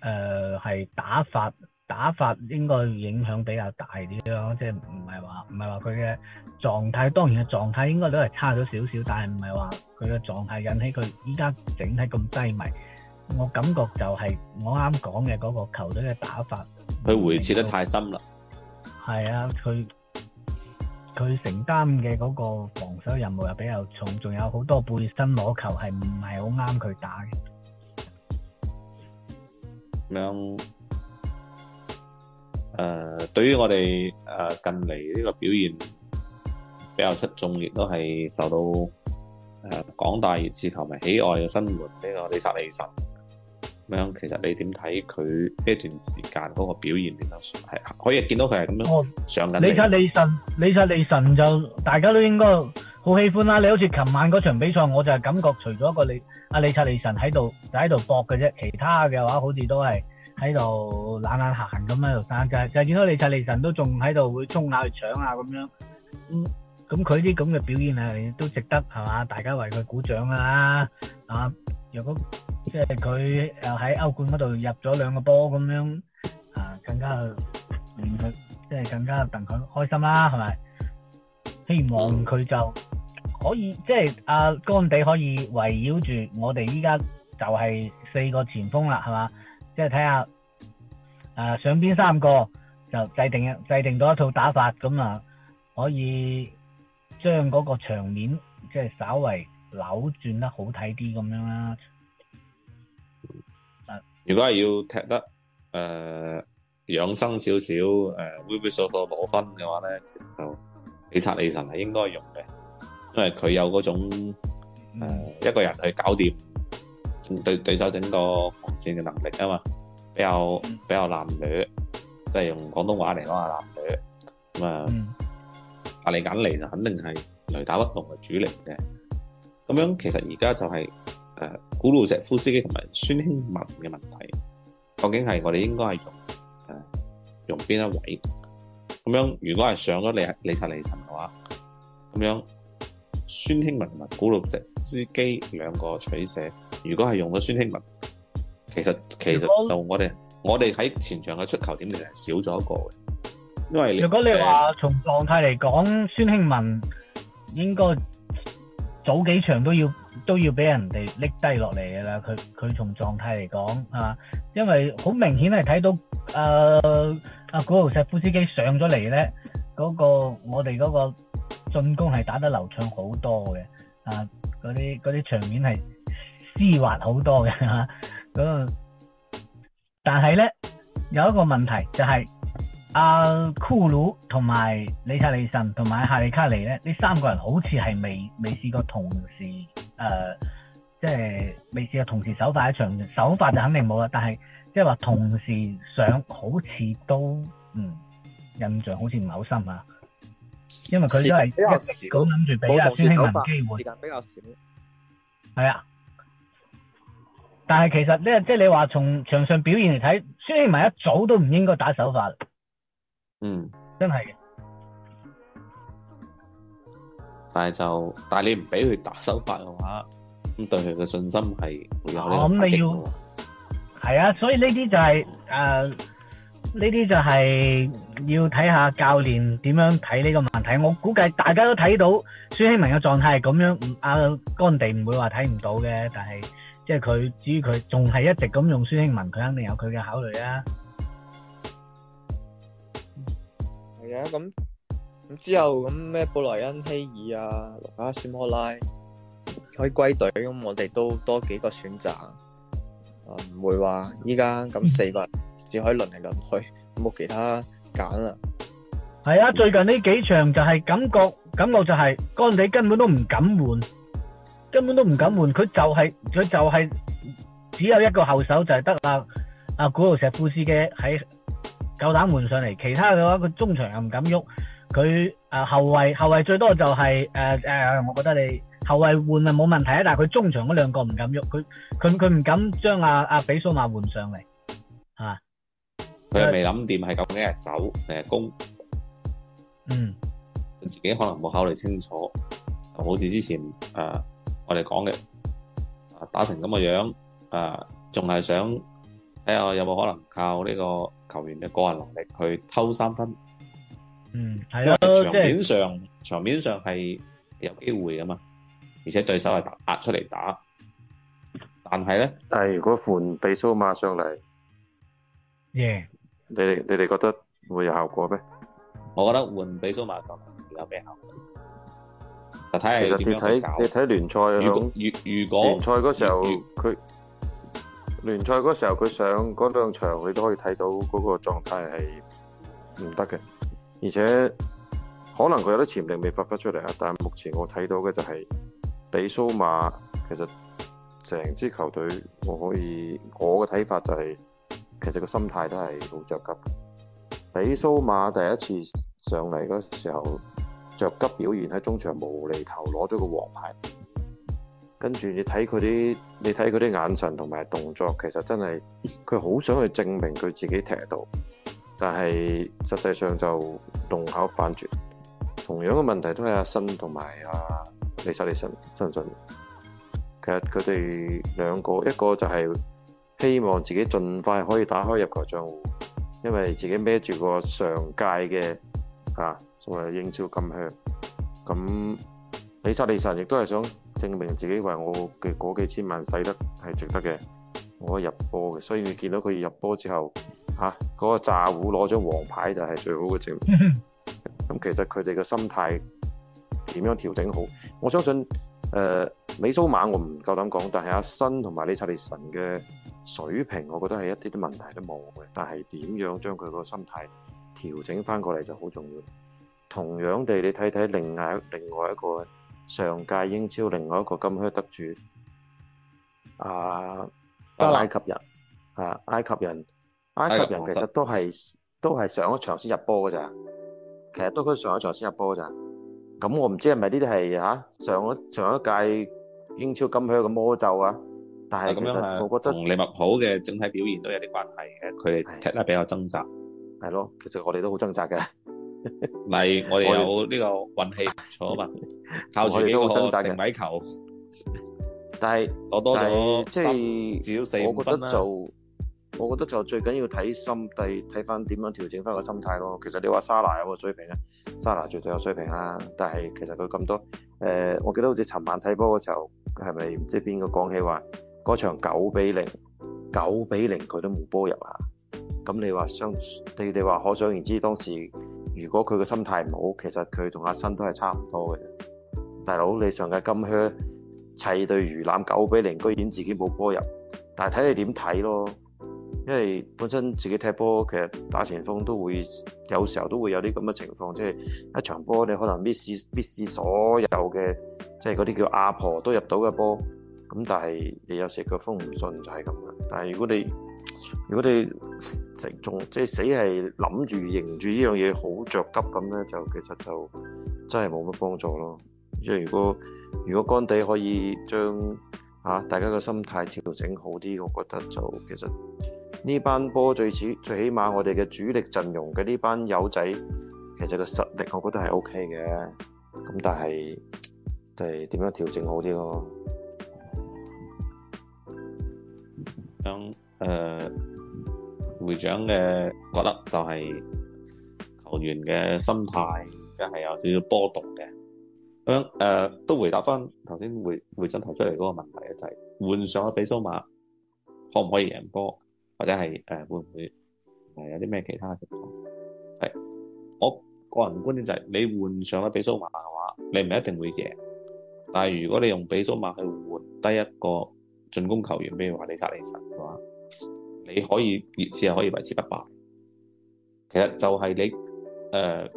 誒係、呃、打法。打法應該影響比較大啲咯，即係唔係話唔係話佢嘅狀態，當然嘅狀態應該都係差咗少少，但係唔係話佢嘅狀態引起佢依家整體咁低迷。我感覺就係我啱講嘅嗰個球隊嘅打法，
佢回撤得太深啦。
係啊，佢佢承擔嘅嗰個防守任務又比較重，仲有好多背身攞球係唔係好啱佢打
嘅。誒、呃，對於我哋誒、呃、近嚟呢個表現比較出眾，亦都係受到誒廣、呃、大熱刺球迷喜愛嘅新援。呢、這個李察利臣咁樣，其實你點睇佢呢段時間嗰個表現點樣？算係可以見到佢係咁樣上緊、哦、李察利
臣，李察利臣就大家都應該好喜歡啦。你好似琴晚嗰場比賽，我就係感覺除咗一個李阿、啊、李察利臣喺度就喺度搏嘅啫，其他嘅話好似都係。喺度懶懶行咁喺度打，就就係，見到李察利臣都仲喺度會衝下去搶啊咁樣。嗯，咁佢啲咁嘅表現係都值得係嘛？大家為佢鼓掌啊！啊，若果即係佢誒喺歐冠嗰度入咗兩個波咁樣，啊更加去令佢即係更加戥佢開心啦，係咪？希望佢就可以即係阿干地可以圍繞住我哋依家就係四個前鋒啦，係嘛？即係睇下，誒、呃、上邊三個就制定制定咗一套打法，咁啊可以將嗰個場面即係稍微扭轉得好睇啲咁樣啦。
如果係要踢得誒養、呃、生少少，誒猥猥瑣瑣攞分嘅話咧，其實就李察李神係應該用嘅，因為佢有嗰種誒、呃、一個人去搞掂。對對手整個防線嘅能力啊嘛，比較比較難捋，就是用廣東話嚟講係難捋，咁啊嚟緊嚟就肯定係雷打不動嘅主力嘅，咁樣其實而家就係呃古魯石夫斯基同埋孫興文嘅問題，究竟係我哋應該係用誒用邊一位，咁樣如果係上咗李李察李神嘅話，咁樣。孫興文同埋古露石夫斯基兩個取捨，如果係用咗孫興文，其實其實就我哋我哋喺前場嘅出球點其實係少咗一個嘅。因為如果你話
從狀態嚟講，孫、嗯、興文應該早幾場都要都要俾人哋拎低落嚟嘅啦。佢佢從狀態嚟講啊，因為好明顯係睇到誒阿、呃、古露石夫斯基上咗嚟咧，嗰個我哋嗰個。進攻係打得流暢好多嘅，啊，嗰啲啲場面係絲滑好多嘅吓，咁、啊那個、但係咧有一個問題就係、是、阿、啊、庫魯同埋李察利臣同埋哈利卡尼咧，呢三個人好似係未未試過同時誒，即、呃、係、就是、未試過同時首發一場首發就肯定冇啦，但係即係話同時上好似都嗯印象好似唔係好深啊。因為佢都係咁諗住俾阿孫興文機會，時
間比較
少，係啊。但係其實呢，即係你話從場上表現嚟睇，孫興文一早都唔應該打首發。嗯，嗯，
真係嘅。但係就，但係你唔俾佢打首發嘅話，咁對佢嘅信心係會有啲打擊，嗯、你
要，係啊，所以呢啲就係誒。呢啲就係要睇下教練點樣睇呢個問題。我估計大家都睇到孫興文嘅狀態係咁樣，阿干地唔會話睇唔到嘅。但係即係佢至於佢仲係一直咁用孫興文，佢肯定有佢嘅考慮
啦。係啊，咁咁之後咁咩布萊恩希爾啊，盧卡斯摩拉可以歸隊，咁我哋都多幾個選擇，唔會話依家咁四個人，只可以輪嚟輪去，冇其他揀啦。
係啊，最近呢幾場就係感覺，感覺就係干地根本都唔敢換，根本都唔敢換。佢就係佢就係只有一個後手，就係得阿阿古路石富士嘅喺夠膽換上嚟，其他嘅話佢中場又唔敢喐，佢誒後衛後衛最多就係誒誒，我覺得你後衛換係冇問題啊，但係佢中場嗰兩個唔敢喐，佢佢佢唔敢將阿阿比蘇馬換上嚟。
佢係未諗掂係究竟係守定係攻，嗯，自己可能冇考慮清楚，好似之前誒、呃、我哋講嘅，啊打成咁嘅樣，啊仲係想睇下、哎、有冇可能靠呢個球員嘅個人能力去偷三分，嗯
係咯、就是，場面
上場面上
係有機會噶嘛，而且對手係壓出嚟打，但係咧，但係如果換比蘇馬上嚟，耶、
yeah.！
你哋你哋覺得會有效果咩？
我覺得換比蘇馬咁
有咩效果？其實你睇你睇聯賽，如果聯賽嗰時候佢聯賽嗰時候佢上嗰兩場，佢都可以睇到嗰個狀態係唔得嘅。而且可能佢有啲潛力未發揮出嚟啊。但係目前我睇到嘅就係比蘇馬，其實成支球隊我可以我嘅睇法就係。其實個心態都係好着急嘅。比蘇馬第一次上嚟嗰時候，着急表現喺中場無厘頭攞咗個黃牌，跟住你睇佢啲，你睇佢啲眼神同埋動作，其實真係佢好想去證明佢自己踢到，但係實際上就動口反轉。同樣嘅問題都係阿新同埋阿李薩利信信信。其實佢哋兩個一個就係、是。希望自己盡快可以打開入球賬戶，因為自己孭住個上屆嘅嚇，所謂英超金靴。咁李薩利神亦都係想證明自己，為我嘅嗰幾千萬使得係值得嘅，我可以入波嘅。所以你見到佢入波之後，嚇、啊、嗰、那個詐糊攞咗黃牌就係最好嘅證明。咁 其實佢哋嘅心態點樣調整好，我相信。誒、呃，美蘇馬我唔夠膽講，但係阿新同埋李察利神嘅水平，我覺得係一啲啲問題都冇嘅。但係點樣將佢個心態調整翻過嚟就好重要。同樣地，你睇睇另外另外一個上屆英超另外一個金靴得主，啊，埃及人啊，埃及人，埃及人其實都係都係上一場先入波㗎咋，其實都佢上一場先入波咋。咁我唔知係咪呢啲係嚇上一上一屆英超金靴嘅魔咒啊！但係其實噉樣我覺得同利物浦
嘅整體表現都有啲關係嘅，佢
哋踢得比較掙扎，係咯。其實我哋都好掙扎嘅，唔係我哋有呢
個運氣唔錯
啊嘛，靠住幾個定位球，但係攞多咗，即係至少四五分啦。我覺得就最緊要睇心底，睇翻點樣調整翻個心態咯。其實你話沙拿有冇水平啊？沙拿絕對有水平啦，啊，但係其實佢咁多誒、呃，我記得好似尋晚睇波嘅時候，係咪即係邊個講起話嗰場九比零，九比零佢都冇波入啊？咁你話想，你哋話可想而知，當時如果佢嘅心態唔好，其實佢同阿新都係差唔多嘅。大佬你上嘅金靴，砌對魚腩九比零居然自己冇波入，但係睇你點睇咯。因為本身自己踢波，其實打前鋒都會有時候都會有啲咁嘅情況，即係一場波你可能 miss miss 所有嘅，即係嗰啲叫阿婆都入到嘅波。咁但係你有時腳風唔順就係咁啦。但係如果你如果你成中即係死係諗住認住呢樣嘢，好着急咁咧，就其實就真係冇乜幫助咯。即係如果如果干地可以將吓、啊、大家嘅心態調整好啲，我覺得就其實。呢班波最，最起最起碼我哋嘅主力陣容嘅呢班友仔，其實個實力我覺得係 OK 嘅，咁但係就係、係、點樣調整好啲咯？咁、嗯、誒，會長嘅覺得
就係球員嘅心態，即係有少少波動嘅。咁、嗯呃、都回答翻頭先會會長提出嚟嗰個問題啊、就係，就係換上阿比蘇馬，可唔可以贏波？或者係誒、呃、會唔會誒有啲咩其他情況係？我個人觀點就係你換上咗比蘇馬嘅話，你唔一定會贏。但係如果你用比蘇馬去換低一個進攻球員，比如話你查利什嘅話，你可以熱刺係可以維持不敗。其實就係你誒，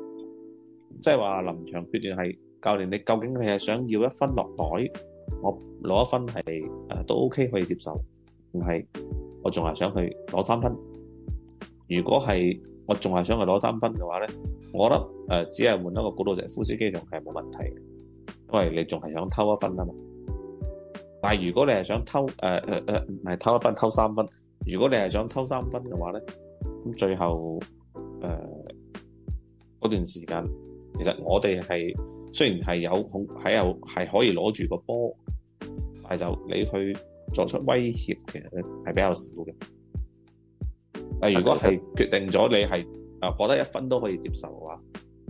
即係話臨場決斷係教練，你究竟係係想要一分落袋，我攞一分係誒、呃、都 O、OK, K 可以接受，唔係。我仲係想去攞三分，如果係我仲係想去攞三分嘅話呢，我覺得、呃、只係換一個古道值夫斯基仲係冇問題嘅，因為你仲係想偷一分吖嘛。但如果你係想偷、呃呃、唔係偷一分，偷三分。如果你係想偷三分嘅話呢，咁最後誒嗰、呃、段時間，其實我哋係雖然係有控喺有係可以攞住個波，但係就你去。作出威脅，其實係比較少嘅。但如果係決定咗你係啊，覺得一分都可以接受嘅話，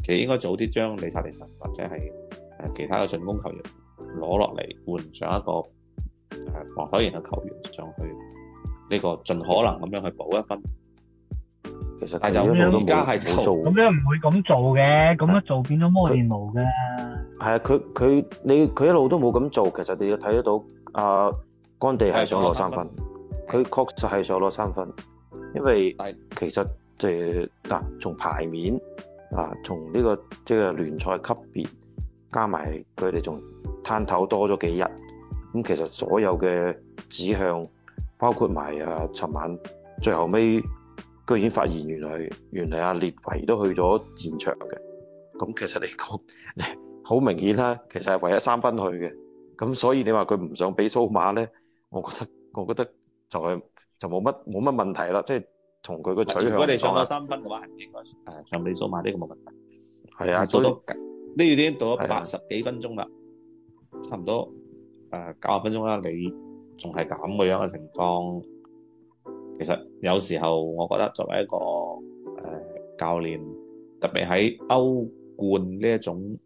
其實應該早啲將理查利臣或者係其他嘅進攻球員攞落嚟換上一個防守型嘅球員上去呢、這個，盡可能咁樣去補一分。其實路但係就冇咁做，咁
樣唔會咁做嘅，咁樣做變咗摩連奴嘅。
係啊，佢佢你佢一路都冇咁做，其實你要睇得到啊。呃干地係想攞三分，佢確實係想攞三分，因為其實即係嗱，從牌面啊、呃，從呢、這個即係、這個、聯賽級別，加埋佢哋仲攤頭多咗幾日，咁其實所有嘅指向，包括埋尋、啊、晚最後尾居然發現原來原來阿列維都去咗現場嘅，咁其實你講好明顯啦，其實係為咗三分去嘅，咁所以你話佢唔想俾蘇馬咧？我覺得我覺得就係就冇乜冇乜問題啦，即係同佢個取向。如果你上到三
分嘅話，應該誒上尾數碼呢個冇
問題。係啊，最多呢段已經到咗八十
幾分鐘啦，差唔多誒九十分鐘啦。你仲係咁嘅樣嘅情況，其實有時候我覺得作為一個誒教練，特別喺歐冠呢一種。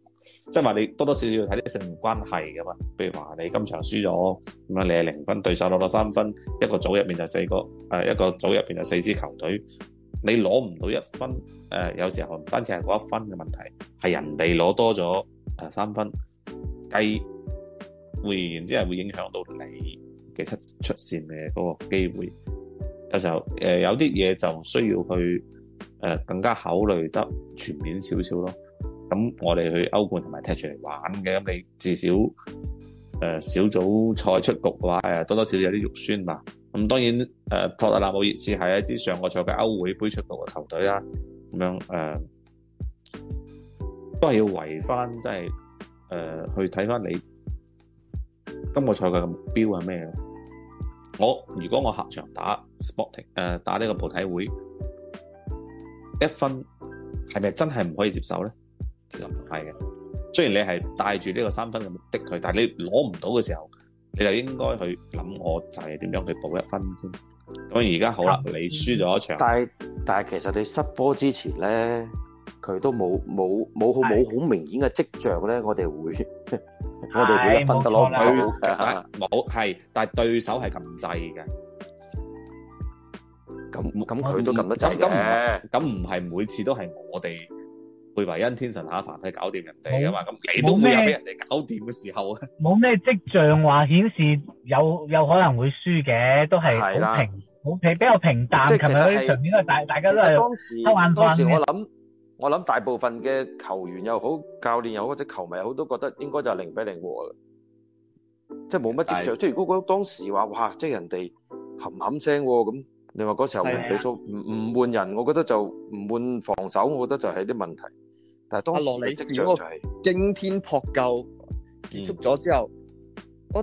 即係話你多多少少要睇啲勝負關係噶嘛，譬如話你今場輸咗，咁樣你係零分，對手攞到三分，一個組入面就四個，誒一個組入面就四支球隊，你攞唔到一分，誒有時候唔單止係嗰一分嘅問題，係人哋攞多咗誒三分，計會然之係會影響到你嘅出出線嘅嗰個機會，有時候誒有啲嘢就需要去誒更加考慮得全面少少咯。咁我哋去歐冠同埋踢出嚟玩嘅，咁你至少呃小組賽出局嘅話，誒多多少少有啲肉酸嘛。咁當然呃托特納姆熱刺係一支上個賽季歐會杯出局嘅球隊啦。咁樣呃都係要圍翻，即係誒去睇翻你今個賽季嘅目標係咩？我如果我客場打 Sporting 呃打呢個葡體會一分，係咪真係唔可以接受呢？其實係嘅，雖然你係帶住呢個三分嘅目的，但係你攞唔到嘅時候，你就應該去諗，我就係
點樣去補一分先、嗯。咁而家好啦、嗯，你輸咗一場但，但係但係其實你失波之前咧，佢都冇冇冇好冇好明顯嘅跡象咧，我哋會 我哋會一分都攞唔到
冇係， 但係對手係咁制嘅。咁
咁佢都咁得制，
咁唔係每次都係我哋。佢話因天神下凡去搞掂人哋嘅嘛，咁你都會有俾人哋搞掂嘅時候
啊。冇咩迹象，話顯示有有可能會輸嘅，都係好平好平，比較平淡。其實係，大家都係，即係當時當時我諗
我諗，大部分嘅球員又好，教練又好，或者球迷好，都覺得應該就係零比零喎，即係冇乜迹象。即係如果講當時話哇，即係人哋冚冚聲咁，你話嗰時候唔比數，唔唔換人，我覺得就唔
換防守，我覺得就係啲問題。但係阿羅李，如果驚天撲救結束咗之後，我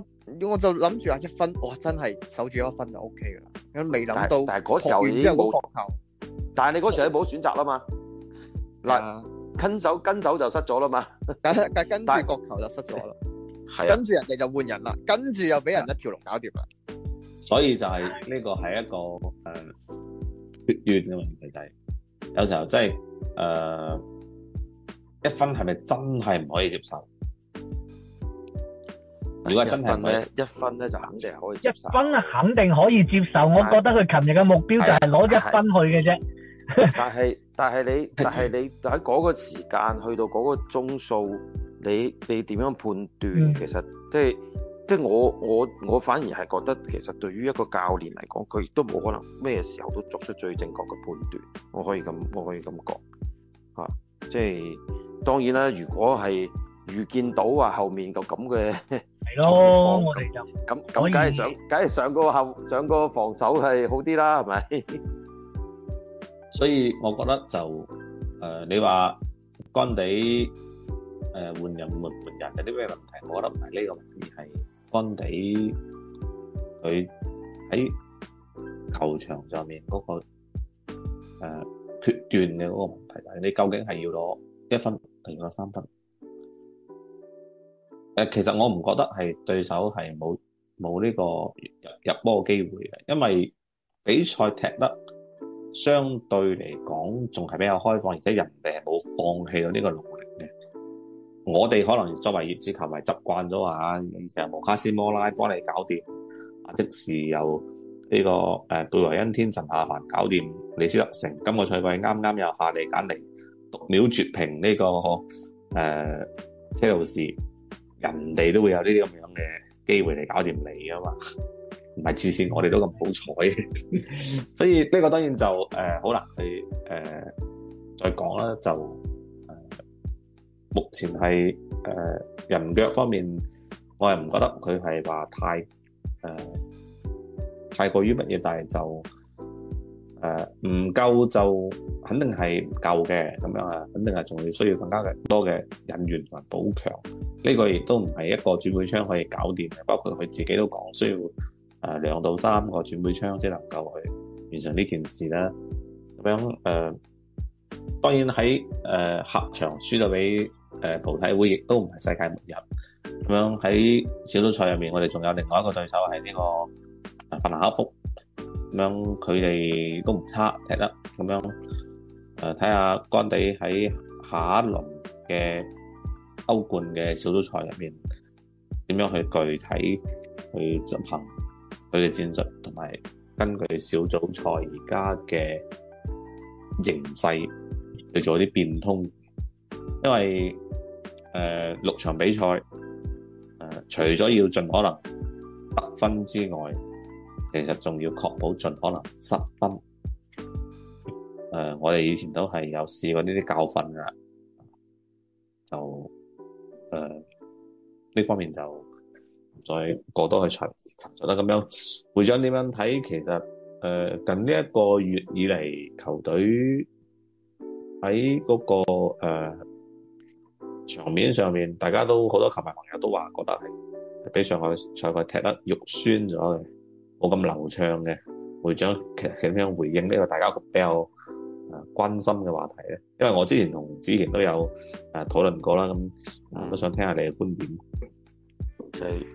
我就諗住阿一分，哇，真係守住咗一分就 O K 噶啦。未諗到。但係嗰時候已經冇角球，但係你嗰時候你冇選擇啦嘛。嗱，跟手跟手就失咗啦嘛。但係跟住角球就失咗啦。跟住人哋就換人啦，跟住又俾人一條龍搞掂啦。
所以就係呢個係一個誒血緣嘅問題，就係有時候即係誒。一分係咪
真係唔可以接受？分如果真係咧，一分咧就肯定係可以接受，一分
可以接受。一分肯定可以接受。我覺得佢琴日嘅目標就係攞一分去嘅啫。
但係但係你 但係你喺嗰個時間去到嗰個鐘數，你你點樣判斷？嗯。其實即係即係我我我反而係覺得，其實對於一個教練嚟講，佢亦都冇可能咩時候都作出最正確嘅判斷。我可以咁，我可以咁講，吓，啊。即係當然啦，如果係遇見到話後面個咁嘅係咯，我哋就咁咁，梗係上，梗係上個後上個防守係好啲啦，係咪？所以我覺得
就誒，你話干地誒換人換換人有啲咩問題？我覺得唔係呢個問題，而係干地佢喺球場上面嗰個誒。決斷嘅嗰個問題，就係你究竟係要攞一分定要攞三分？誒，其實我唔覺得係對手係冇冇呢個入波嘅機會嘅，因為比賽踢得相對嚟講仲係比較開放，而且人哋係冇放棄到呢個努力嘅。我哋可能作為熱刺球迷習慣咗啊，成日摩卡斯摩拉幫你搞掂，即係有。呢、這個誒貝維恩天神下凡搞掂李斯特城，今個賽季啱啱又下嚟揀嚟，讀秒絕平呢個誒、呃、車路士，人哋都會有呢啲咁樣嘅機會嚟搞掂你噶嘛，唔係次次我哋都咁好彩， 所以呢個當然就誒、呃、好難去誒再講啦。呃、就、呃、目前係誒、呃、人腳方面，我係唔覺得佢係話太誒。呃太過於乜嘢，但係就誒唔、呃、夠就肯定係唔夠嘅咁樣啊，肯定係仲要需要更加更多嘅人員同埋補強呢、呢個，亦都唔係一個轉會窗可以搞掂嘅。包括佢自己都講，需要誒兩到三個轉會窗先能夠去完成呢件事啦。咁樣誒、呃，當然喺誒客場輸到俾誒圖體會，亦都唔係世界末日。咁樣喺小組賽入面，我哋仲有另外一個對手喺呢、呢個。法蘭克福，咁樣，佢哋都唔差，踢得咁樣。誒、呃，睇下乾地喺下一輪嘅歐冠嘅小組賽入面，點樣去具體去進行佢嘅戰術，同埋根據小組賽而家嘅形勢去做啲變通。因為誒、呃、六場比賽，誒、呃、除咗要盡可能得分之外。其實仲要確保盡可能失分。誒、呃，我哋以前都係有試過呢啲教訓㗎。就誒呢、呃、方面就唔再過多去查查啦。咁樣會長點樣睇？其實誒、呃、近呢一個月以嚟，球隊喺嗰個誒、呃、場面上面，大家都好多球迷朋友都話覺得係比上個賽季踢得肉酸咗嘅。冇咁流暢嘅，會長其實點樣回應呢個大家比較啊關心嘅話題咧？因為我之前同子賢都有啊討論過啦，咁我都想聽下你嘅
觀點。就係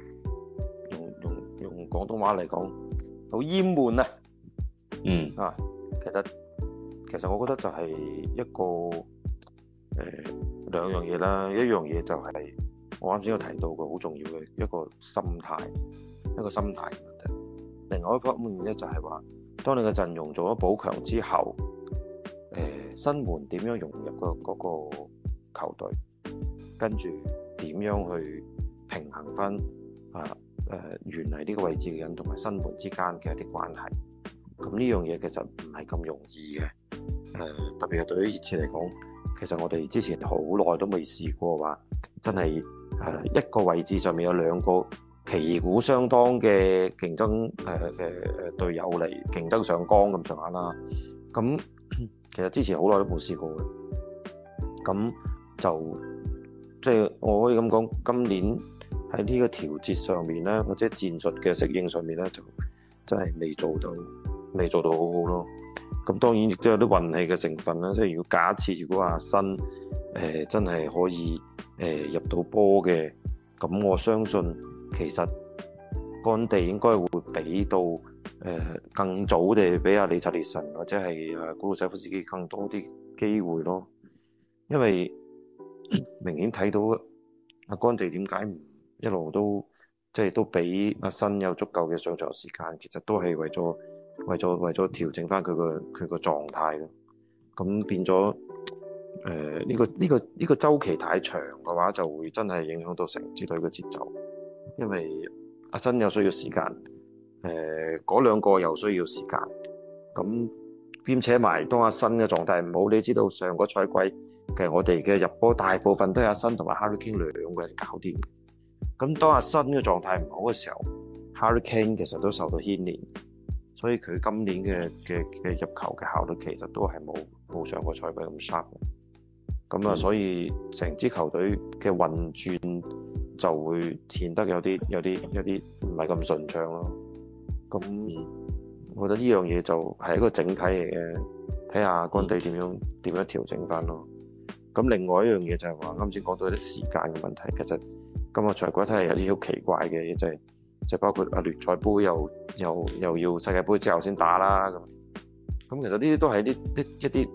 用用用廣東話嚟講，好閹悶啊！嗯啊，其實其實我覺得就係一個誒、嗯、兩樣嘢啦，嗯、一樣嘢就係、是、我啱先有提到個好重要嘅一個心態，一個心態嘅問另外一方面咧，就係話，當你個陣容做咗補強之後，誒新援點樣融入個嗰個球隊，跟住點樣去平衡翻啊誒原嚟呢個位置嘅人同埋新援之間嘅一啲關係，咁呢樣嘢其實唔係咁容易嘅。誒特別係對於熱刺嚟講，其實我哋之前好耐都未試過話，真係誒一個位置上面有兩個。旗鼓相當嘅競爭，誒誒誒隊友嚟競爭上崗咁上下啦。咁其實之前好耐都冇試過嘅，咁就即係、就是、我可以咁講，今年喺呢個調節上面咧，或者戰術嘅適應上面咧，就真係未做到，未做到好好咯。咁當然亦都有啲運氣嘅成分啦。即係如果假設如果阿新誒、呃、真係可以誒、呃、入到波嘅，咁我相信。其實，乾地應該會俾到誒、呃、更早嘅俾阿李查利神或者係誒古魯西夫斯基更多啲機會咯，因為明顯睇到阿乾地點解唔一路都即係、就是、都俾阿新有足夠嘅上場時間，其實都係為咗為咗為咗調整返佢個佢個狀態咯。咁變咗誒呢個呢、這個呢、這個週期太長嘅話，就會真係影響到成支隊嘅節奏。因為阿新又需要時間，誒、呃，嗰兩個又需要時間，咁兼且埋當阿新嘅狀態唔好。你知道上個賽季其實我哋嘅入波大部分都係阿新同埋 Hurricane 兩個人搞掂，咁當阿新嘅狀態唔好嘅時候，Hurricane 其實都受到牽連，所以佢今年嘅嘅嘅入球嘅效率其實都係冇冇上個賽季咁 sharp 咁啊，所以成支球隊嘅運轉，就會顯得有啲有啲有啲唔係咁順暢咯。咁我覺得呢樣嘢就係一個整體嚟嘅，睇下干地點樣點樣調整翻咯。咁另外一樣嘢就係話啱先講到一啲時間嘅問題，其實今日賽季睇嚟有啲好奇怪嘅嘢，就係、是、就包括阿聯賽杯又又又要世界盃之後先打啦。咁咁其實呢啲都係一啲一啲誒、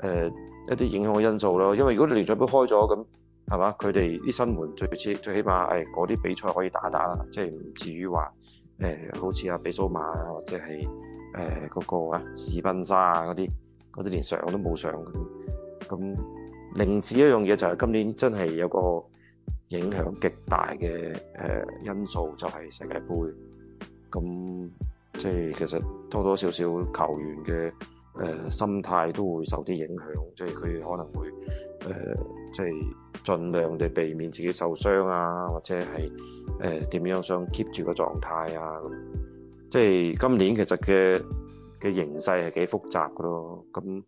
呃、一啲影響嘅因素咯。因為如果你聯賽杯開咗咁，係嘛？佢哋啲新援最起最起碼嗰啲、哎、比賽可以打打啦，即係唔至於話、哎、好似阿比蘇馬啊，或者係誒嗰個啊史賓沙啊嗰啲嗰啲連上都冇上。咁另至一樣嘢就係今年真係有個影響極大嘅誒、呃、因素就係、係、世界杯。咁即係其實多多少少球員嘅。誒心態都會受啲影響，即係佢可能會誒、呃，即係盡量地避免自己受傷啊，或者係誒點樣想 keep 住個狀態啊。即係今年其實嘅嘅形勢係幾複雜㗎咯。咁誒、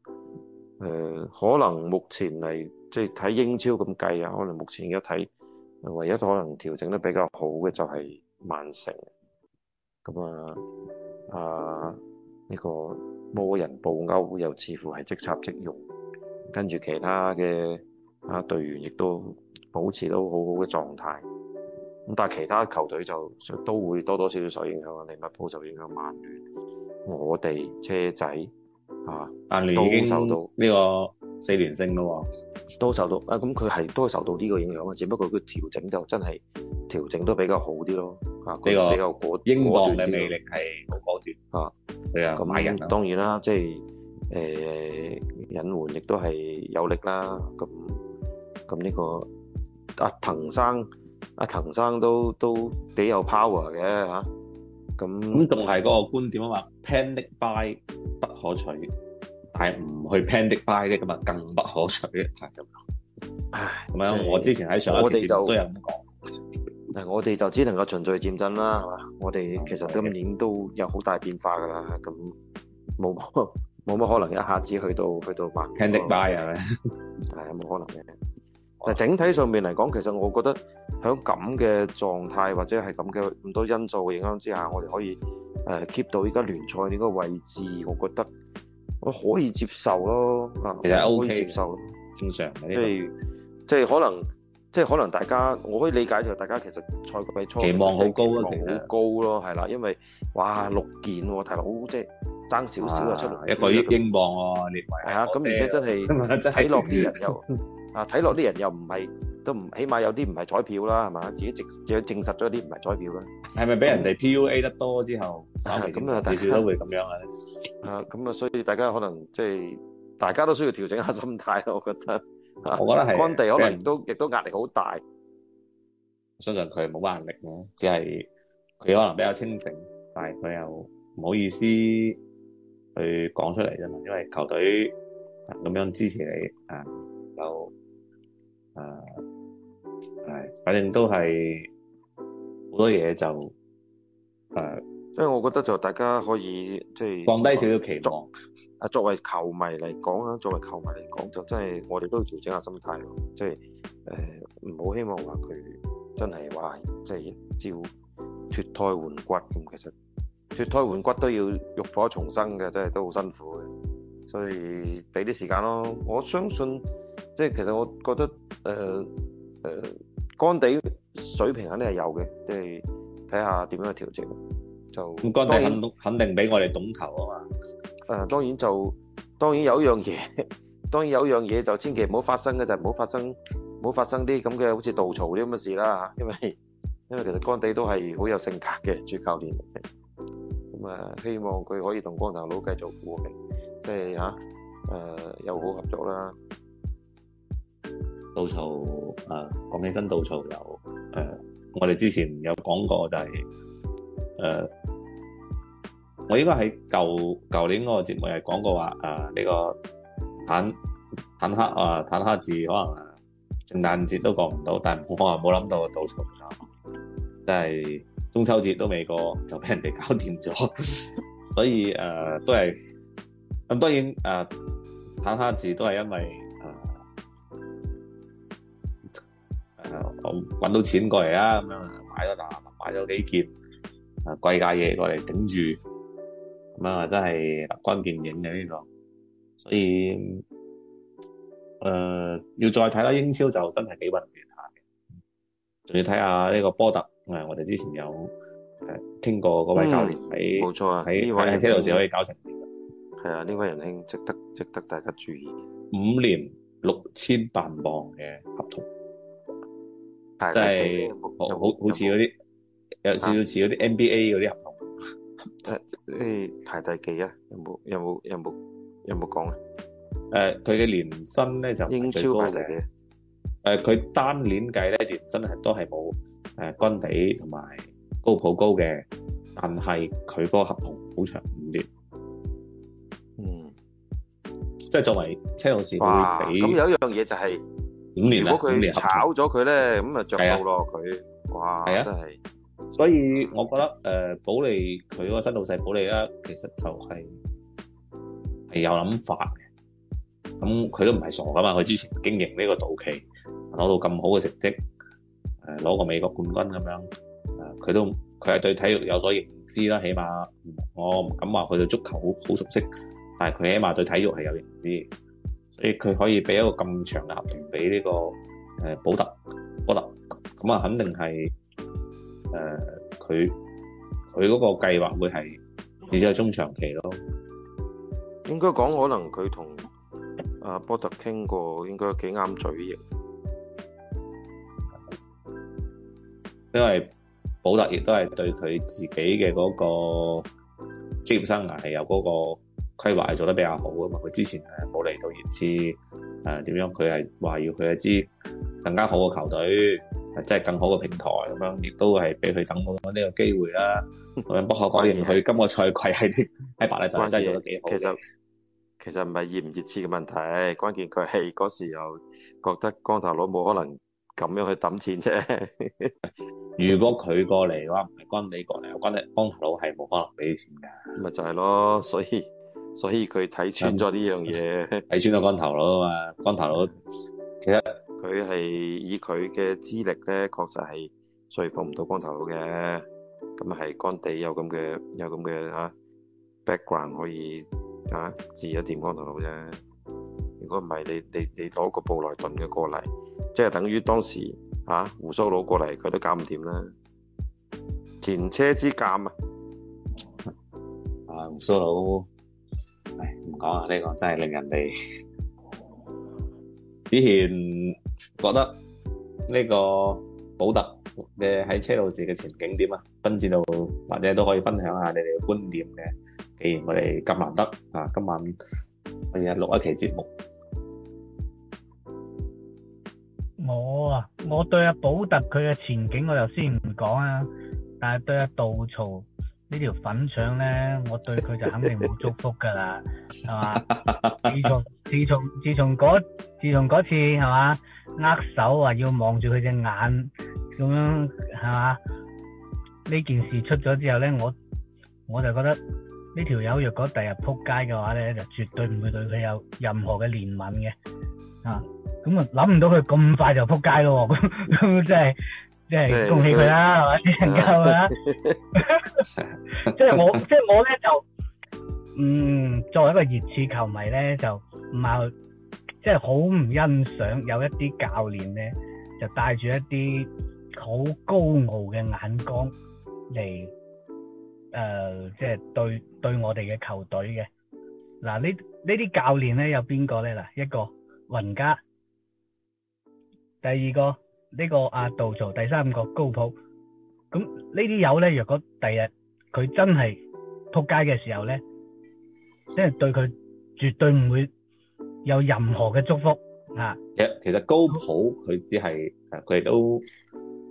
呃，可能目前嚟即係睇英超咁計啊，可能目前而家睇唯一可能調整得比較好嘅就係曼城。咁啊啊呢、呢個。魔人布歐又似乎係即插即用，跟住其他嘅啊隊員亦都保持到好好嘅狀態。咁但係其他球隊就都會多多少少受影響，利物浦就影響曼聯，我哋車仔啊，阿聯已經受到呢、這個。四連勝咯，都受到啊，咁佢係都受到呢個影響啊，只不過佢調整就真係調整都比較好啲咯，這個比較英國咯。啊，呢個比較過英鎊嘅魅力係好過段啊，係啊。咁當然啦，即係誒、呃、輪換亦都係有力啦。咁咁呢個阿、啊、藤生，阿、啊、藤生都都幾有 power 嘅嚇。咁仲係
嗰個觀點啊嘛，panic buy 不可取。但係唔去 panic buy 嘅
咁啊，更不可取，就
係、是、咁。唉，咁啊，我之前喺上一節都有咁講。
但係，我哋就只能夠循序漸進啦，係嘛？我哋其實今年都有好大變化㗎啦，咁冇冇乜可能一下子去到去到 panic buy 係咪？係冇、啊、可能嘅。 但係，整體上面嚟講，其實我覺得喺咁嘅狀態或者係咁嘅咁多因素影響之下，我哋可以誒 keep、呃、到依家聯賽呢個位置，我覺得。我可以接受咯，其實 OK 接受咯正常，即係即係可能即係可能大家我可以理解就大家其實賽季初期望好高，期望好高咯，係啦，因為哇六件喎睇落好即係爭少少啊出嚟一個億英鎊喎列位，係啊咁而且真係睇落啲人又啊睇落啲人又唔係。都唔，起碼有啲唔係彩票啦，係嘛？自己證，自己證實咗啲唔係彩票啦。係咪俾人哋 PUA 得多之後，係、嗯、咁啊！大、嗯、家會咁樣啊？啊，咁、嗯、啊，所以大家可能即係大家都需要調整下心態，我覺得。我覺得係。干地可能都亦都壓力好大，
相信佢係冇乜壓力嘅，只係佢可能比較清醒，但係佢又唔好意思去講出嚟啫嘛，因為球隊咁樣
支持你啊，就～誒，係，反正都係好多嘢就誒，即、uh, 係我覺得就大家可以即係放低少少期望。啊，作為球迷嚟講啦，作為球迷嚟講，就真係我哋都要調整下心態咯，即係誒唔好希望話佢真係話，即係一朝脫胎換骨咁。其實脫胎換骨都要浴火重生嘅，真係都好辛苦嘅。所以俾啲時間咯，我相信。即係其實我覺得，誒、呃、誒，干、呃、地水平肯定係有嘅，即係睇下點樣嘅調整就。嗯，干地肯
肯定比我哋懂球啊
嘛。誒、呃，當然就當然有一樣嘢，當然有一樣嘢就千祈唔好發生嘅就唔、係、好發生，唔好發生啲咁嘅好似倒灶啲咁嘅事啦嚇，因為因為其實干地都係好有性格嘅主教練嚟嘅。咁、嗯、啊、呃，希望佢可以同光頭佬繼續和平，即係嚇誒又好合作啦。倒數啊，講起身倒數又
誒，我哋之前有講過就係、是、誒、啊，我應該喺舊舊年嗰個節目係講過話啊，呢、這個坦坦克啊，坦克字可能聖誕節都過唔到，但係我啊冇諗到倒數咗，即係中秋節都未過就俾人哋搞掂咗， 所以誒、啊、都係咁、啊，當然誒、啊、坦克字都係因為。誒、嗯，搵到錢過嚟啊，咁樣買咗嗱，買咗幾件誒貴價嘢過嚟頂住，咁、嗯、啊真係關鍵影嘅呢個，所以誒、呃、要再睇啦，英超就真係幾混暖下嘅，仲
要睇下呢個波特，誒我哋之前有、啊、聽過嗰位教練喺冇錯啊喺喺車路士可以搞成點，係啊呢位仁兄值得值得大家注意，五年六千萬鎊嘅合同。即係好好似嗰啲有少少似嗰啲 NBA 嗰啲合同。誒，排第幾啊？嗯、有冇有冇有冇有冇講啊？誒，佢嘅
年薪咧就英超最高嘅。誒，佢單年計咧，年薪係都係冇誒，干地同埋高普高嘅，但係佢嗰個合同好長五年。嗯。
即係作為
車路士會俾。哇！咁有
一樣嘢就係、是。五年如果佢炒咗佢咧，咁咪着數
咯佢。哇，係啊，真係。所以我覺得誒、呃，保利佢個新老細保利啊，其實就係、是、係有諗法嘅。咁佢都唔係傻噶嘛，佢之前經營呢個賭企，攞到咁好嘅成績，誒，攞個美國冠軍咁樣，誒，佢都佢係對體育有所認知啦。起碼我唔敢話佢對足球好好熟悉，但係佢起碼對體育係有認知。即係佢可以畀一個咁長嘅合同俾呢個誒保特波特，咁啊肯定係誒佢佢嗰個計劃會係
至少係中長期囉。應該講可能佢同阿波特傾過，應該幾啱嘴型。
因為保特亦都係對佢自己嘅嗰個職業生涯係有嗰個規劃係做得比較好啊嘛！佢之前誒冇嚟到熱刺誒點樣，佢係話要佢一支更加好嘅球隊，即係更好嘅平台咁樣，亦都係俾佢等到呢個機會啦、啊。我 不可否認，佢今個賽季係喺白禮洲真係做得幾好。其實
其實唔係熱唔熱刺嘅問題，關鍵佢係嗰時又覺得光頭佬冇可能咁樣去揼錢啫。
如果佢過嚟嘅話，唔係關你過嚟，關光頭佬係冇可能俾錢
㗎。咪 就係咯，所以。所以佢睇穿咗呢樣嘢，睇穿咗光頭佬啊，光頭佬其實佢係以佢嘅資歷咧，確實係説服唔到光頭佬嘅。咁係干地有咁嘅有咁嘅嚇 background 可以嚇治一啲光頭佬啫。如果唔係你你你攞個布萊頓嘅過嚟，即係等於當時嚇鬍鬚佬過嚟佢都搞唔掂啦。前車之鑒啊，鬍鬚佬！唔講啊！呢個真係令人哋
以前覺得呢個保特嘅喺車路士嘅前景點啊？斌指導，或者都可以分享下你哋嘅觀點嘅。既然我哋咁難得啊，今晚係啊錄一期節目。
我啊，我對阿保特佢嘅前景我又先唔講啊，但係對阿杜曹。呢條粉腸咧，我對佢就肯定冇祝福噶啦，係 嘛？自從自從自從嗰次係嘛，握手話要望住佢隻眼咁樣係嘛？呢件事出咗之後咧，我我就覺得、這個、天天的呢條友若果第日扑街嘅話咧，就絕對唔會對佢有任何嘅憐憫嘅。啊，咁啊諗唔到佢咁快就扑街咯，咁真係。
即係恭喜佢啦，係咪？只能夠啦。
即 係我，即係我咧就，嗯，作為一個熱刺球迷咧，就唔係，即係好唔欣賞有一啲教練咧，就帶住一啲好高傲嘅眼光嚟，誒、呃，即係對對我哋嘅球隊嘅。嗱，呢呢啲教練咧有邊個咧嗱？一個雲加，第二個。呢個阿道做第三個高普。咁呢啲友咧，若果第日佢真係撲街嘅時候咧，即係對佢絕對唔會有任何嘅祝福啊。其
實其實高普佢只係誒，佢都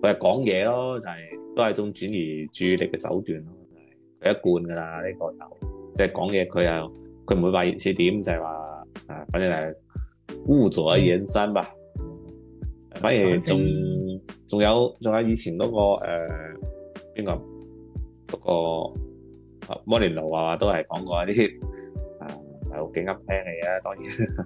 佢係講嘢咯，就係都係一種轉移注意力嘅手段咯，係佢一貫噶啦呢個友，即係講嘢佢又佢唔會話熱刺點就係話啊，反正係污糟而生吧。反而仲仲有仲有以前嗰，那個誒，邊、嗯呃、個、那個摩連奴話話都係講過啲啊，呃、有幾咁啱聽嘅嘢啊，當然
係咯、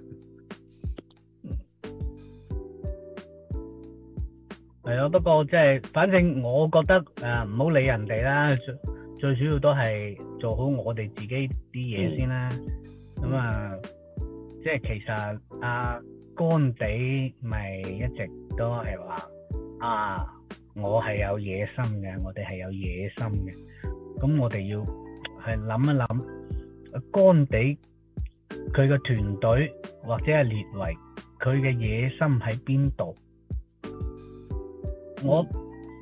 嗯。 不過即、就、係、是、反正我覺得誒，唔、呃、好理人哋啦。最最主要都係做好我哋自己啲嘢先啦。咁、嗯嗯嗯、啊，即係其實啊。干地咪一直都係話啊，我係有野心嘅，我哋係有野心嘅，咁我哋要係諗一諗，干地佢嘅團隊或者係列維佢嘅野心喺邊度？我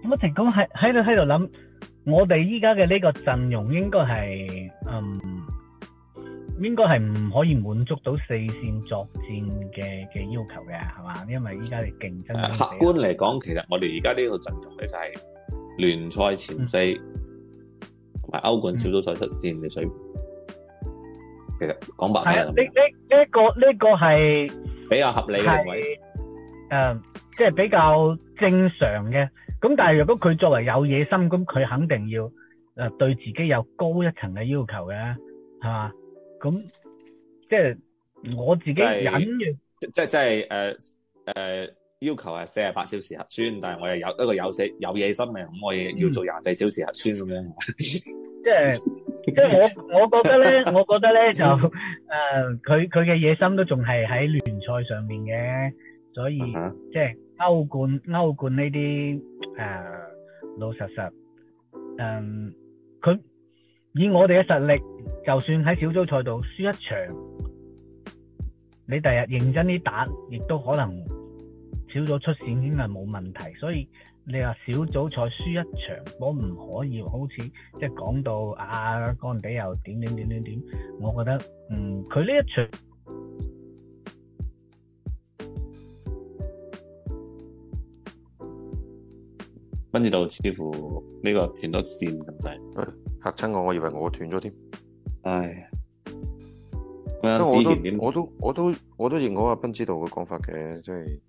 乜情況喺喺度喺度諗？我哋依家嘅呢個陣容應該係嗯。應該係唔可以滿足到四線作戰嘅嘅要求嘅，係嘛？因為依家嘅競爭客
觀嚟講，其實我哋而家呢個陣容咧就係聯賽前四同埋歐冠小組賽出線嘅水平。其實講白係呢
呢呢個呢個係比較合理嘅定位，誒，即係比較正常嘅。咁但係若果佢作為有野心，咁佢肯定要誒對自己有高一層嘅要求嘅，係嘛？咁即係我自己忍完，
即係即係誒誒，要求係四十八小時核酸，但係我又有一個有息有野心嘅，咁我要做廿四小時核酸咁樣 。
即係即係我我覺得咧，我覺得咧 就誒，佢佢嘅野心都仲係喺聯賽上面嘅，所以、uh-huh. 即係歐冠歐冠呢啲誒老實實誒佢。呃以我哋嘅實力，就算喺小組賽度輸一場，你第日認真啲打，亦都可能小組出線，應該冇問題。所以你話小組賽輸一場，我唔可以好似即係講到啊，干地又點點點點點，我覺得嗯，佢呢一場，
跟住到似乎呢個斷咗線咁滯。嗯嚇親我，我以為我斷咗添。唉，我都我都我都我認我阿斌知道嘅講法嘅，即係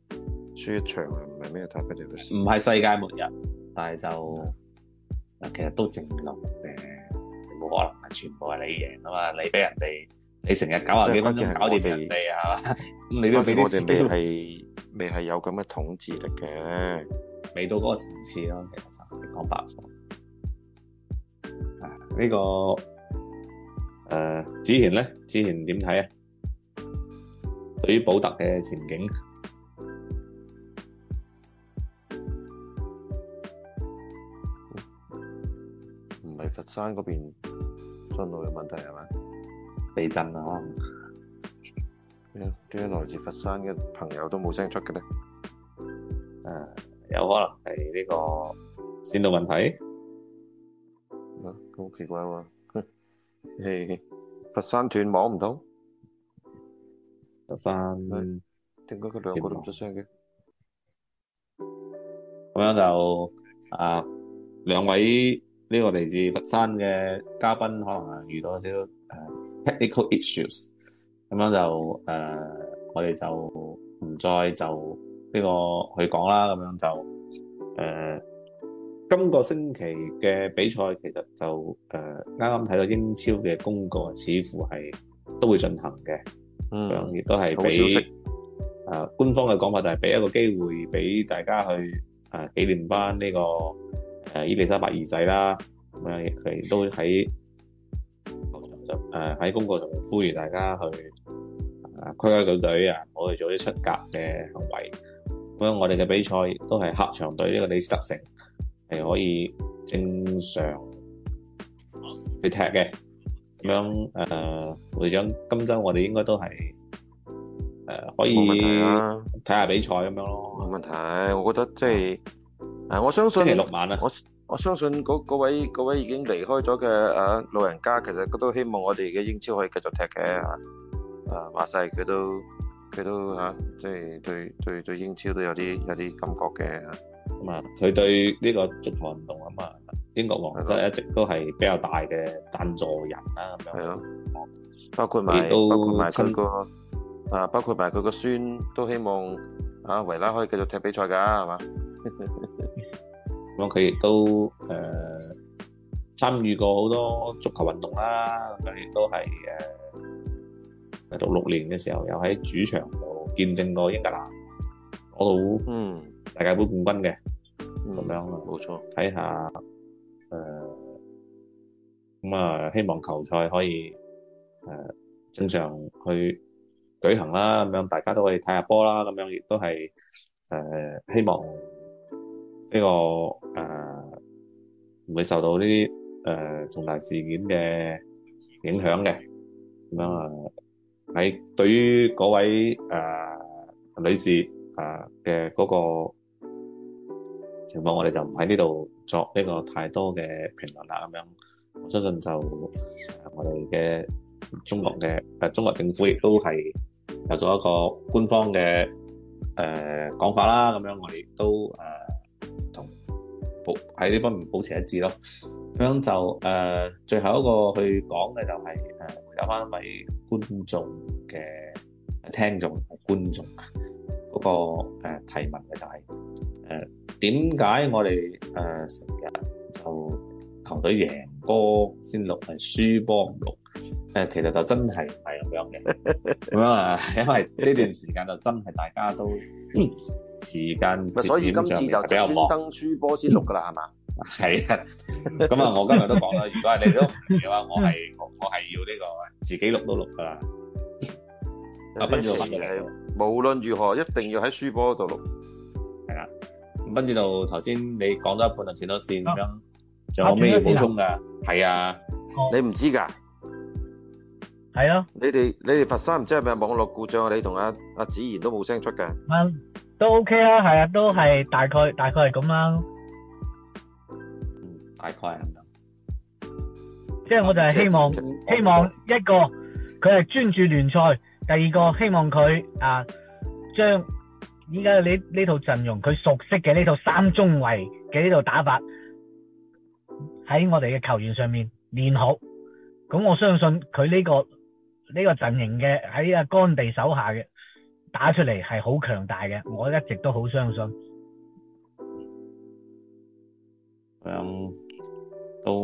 輸一場唔係咩大不了嘅事。唔係世界末日，但係就嗱，其實都整龍嘅，冇、呃、可能係全部
係你贏啊嘛！你俾人哋，你成日九廿幾分鐘搞掂人哋啊嘛，咁 你都俾啲時間。我哋未係未係有咁嘅統治力嘅，未到嗰個層次咯。其實講白啊！呢個誒，子賢咧，子賢點睇啊？對於寶特嘅
前景，唔係佛山嗰邊線路嘅問題係嘛？地震啊！點解來自佛山嘅朋友都冇聲出嘅呢？誒，有可能係呢、這個線路問題。好奇怪喎，係佛山斷網唔到，佛山點解佢兩個都唔出聲嘅？咁樣就
啊，兩位呢個嚟自佛山嘅嘉賓可能遇到少少誒 technical issues，咁樣就誒，我哋就唔再就呢個去講啦。咁樣就誒。今、這個星期嘅比賽其實就誒，啱啱睇到英超嘅公告，似乎係都會進行嘅。嗯，亦都係俾誒官方嘅講法就係俾一個機會俾大家去誒紀念翻呢個誒、呃、伊利沙伯二世啦。咁樣亦都喺誒喺公告上面呼籲大家去啊規規矩矩啊，唔好去做啲出格嘅行為。咁樣我哋嘅比賽都係客場對呢、這個李斯特城，係可以正常去踢嘅，咁樣誒，呃、會長我哋今周我哋應該都係誒、呃、可以睇
下、啊、比賽咁樣咯。冇問題，我覺得即係誒，我相信星期六晚啊，我我相信嗰位嗰位已經離開咗嘅誒老人家，其實佢都希望我哋嘅英超可以繼續踢嘅。誒話晒佢都佢都吓，即、啊、係、即係、對對對，對英超都有啲有啲感覺嘅。咁啊，
佢對呢個足球運動咁啊，英國王室一直都係比較大嘅贊助人啦，
咁樣。係咯。包括埋，包括埋佢個，啊，包括埋佢個孫都希望啊維拉可以繼續踢比賽噶，係嘛？
咁佢亦都誒參與過好多足球運動啦，咁亦都係誒喺六六年嘅時候又喺主場度見證過英格蘭攞到嗯。大家冠軍嘅咁樣啊，冇錯。睇下誒，咁啊，希望球賽可以誒正常去舉行啦。咁樣大家都可以睇下波啦。咁樣亦都係誒希望呢個誒唔會受到呢啲誒重大事件嘅影響嘅咁樣啊。喺對於嗰位誒女士誒嘅嗰個。情況我哋就唔喺呢度作呢個太多嘅評論啦，咁樣我相信就我哋嘅中國嘅、呃，中國政府亦都係有咗一個官方嘅誒講法啦，咁樣我哋都誒、呃、同保喺呢方面保持一致咯。咁樣就誒、呃、最後一個去講嘅就係誒回答翻為觀眾嘅聽眾觀眾啊。嗰、那個誒、呃、提問嘅就係誒點解我哋誒成日就球隊贏波先錄，係輸波唔錄？誒、呃、其實就真係唔係咁樣嘅咁啊！ 因為呢段時
間就真係大家都 時間，所以今次就，就專登輸波先錄噶啦，係 嘛是吧？係咁啊，我今日都講啦，
如
果係
你都唔明嘅話，
我係
我係要呢、這個
自己錄都錄噶啦。阿斌要問嘅。 無論如何，一定要喺輸波嗰度錄。係啦，斌指導頭先你講咗一半就斷咗線咁，仲有咩補充噶？係啊，你唔知噶？係啊。你哋你哋佛山唔知係咪網絡故障啊？你同阿阿子賢都冇聲出噶
都 OK 啊，係啊，都係大概大概係咁啦。大
概
係咁。即係我就係希望希望一個佢係專注聯賽。第二個希望佢啊，將依家呢呢套陣容佢熟悉嘅呢套三中衛嘅呢套打法喺我哋嘅球員上面練好，咁我相信佢呢、這個呢、這個陣營嘅喺阿干地手下嘅打出嚟係好強大嘅，我一直都好相信。
咁、嗯，都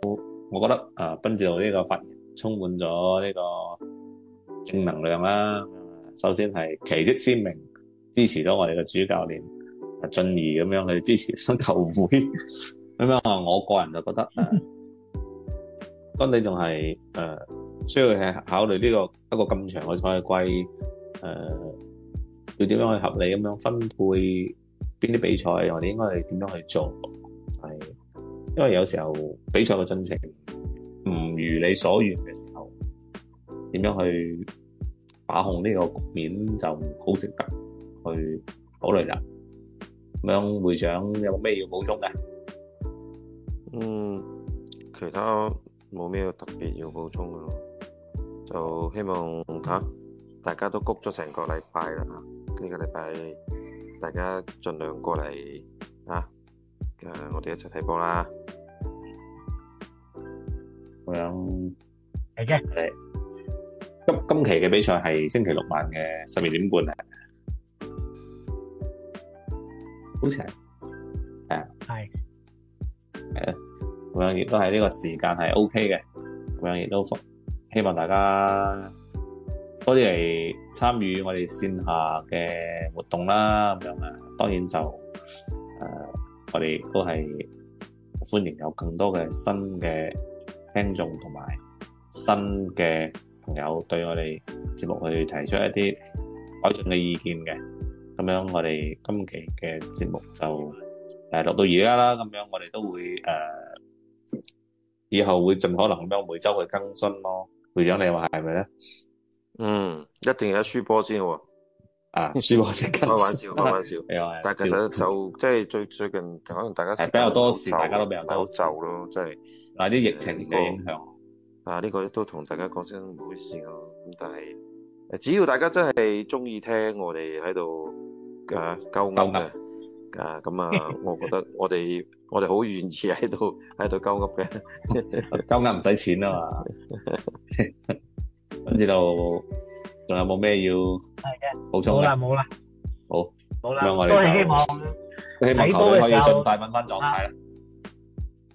我覺得啊，斌指導呢個發言充滿咗呢個。正能量啦，首先係奇蹟鮮明支持到我哋嘅主教練進而咁樣去支持翻球會，咁樣我個人就覺得，當你仲係誒需要係考慮呢、這個一個咁長嘅賽季，誒、呃、要點樣去合理咁樣分配邊啲比賽，我哋應該係點樣去做？係、就是、因為有時候比賽嘅進程唔如你所願嘅。點樣去把控呢個局面就好值得去考慮啦。咁樣，會長有冇咩要補充嘅？
嗯，其他冇咩特別要補充嘅，就希望嚇大家都谷咗成個禮拜啦。嚇，呢個禮拜大家盡量過嚟嚇，誒，我哋一齊睇波啦。咁樣，
係嘅。今今期嘅比賽係星期六晚嘅十二點半啊，
好似係，係啊，係，
係啊，咁樣亦都係呢個時間係 OK 嘅，咁樣亦都祝希望大家多啲嚟參與我哋線下嘅活動啦，咁樣啊，當然就誒，我哋都係歡迎有更多嘅新嘅聽眾同埋新嘅。有對我哋節目去提出一啲改進嘅意見嘅，咁樣我哋今期嘅節目就誒錄、呃、到而家啦，咁樣我哋都會誒、呃、以後會盡可能咁樣每周去更新咯。會長你話係咪咧？
嗯，一定要有輸波先喎。啊，輸波先開玩笑開玩笑。玩笑 但其實就即係最最近可能大家時比較多事，大家都比較多受咯，即係嗰啲疫情嘅影響、嗯。啊！呢個都同大家講聲唔好意思咯。咁但係，只要大家真係中意聽我哋喺度嚇鳩噏，啊咁啊，我覺得我哋我哋好願意喺度喺度鳩噏嘅，
鳩噏唔使錢啊嘛。跟住就仲有冇咩要補充？冇啦冇啦，好冇啦。我哋希望，希望球隊可以儘快穩翻狀態啦。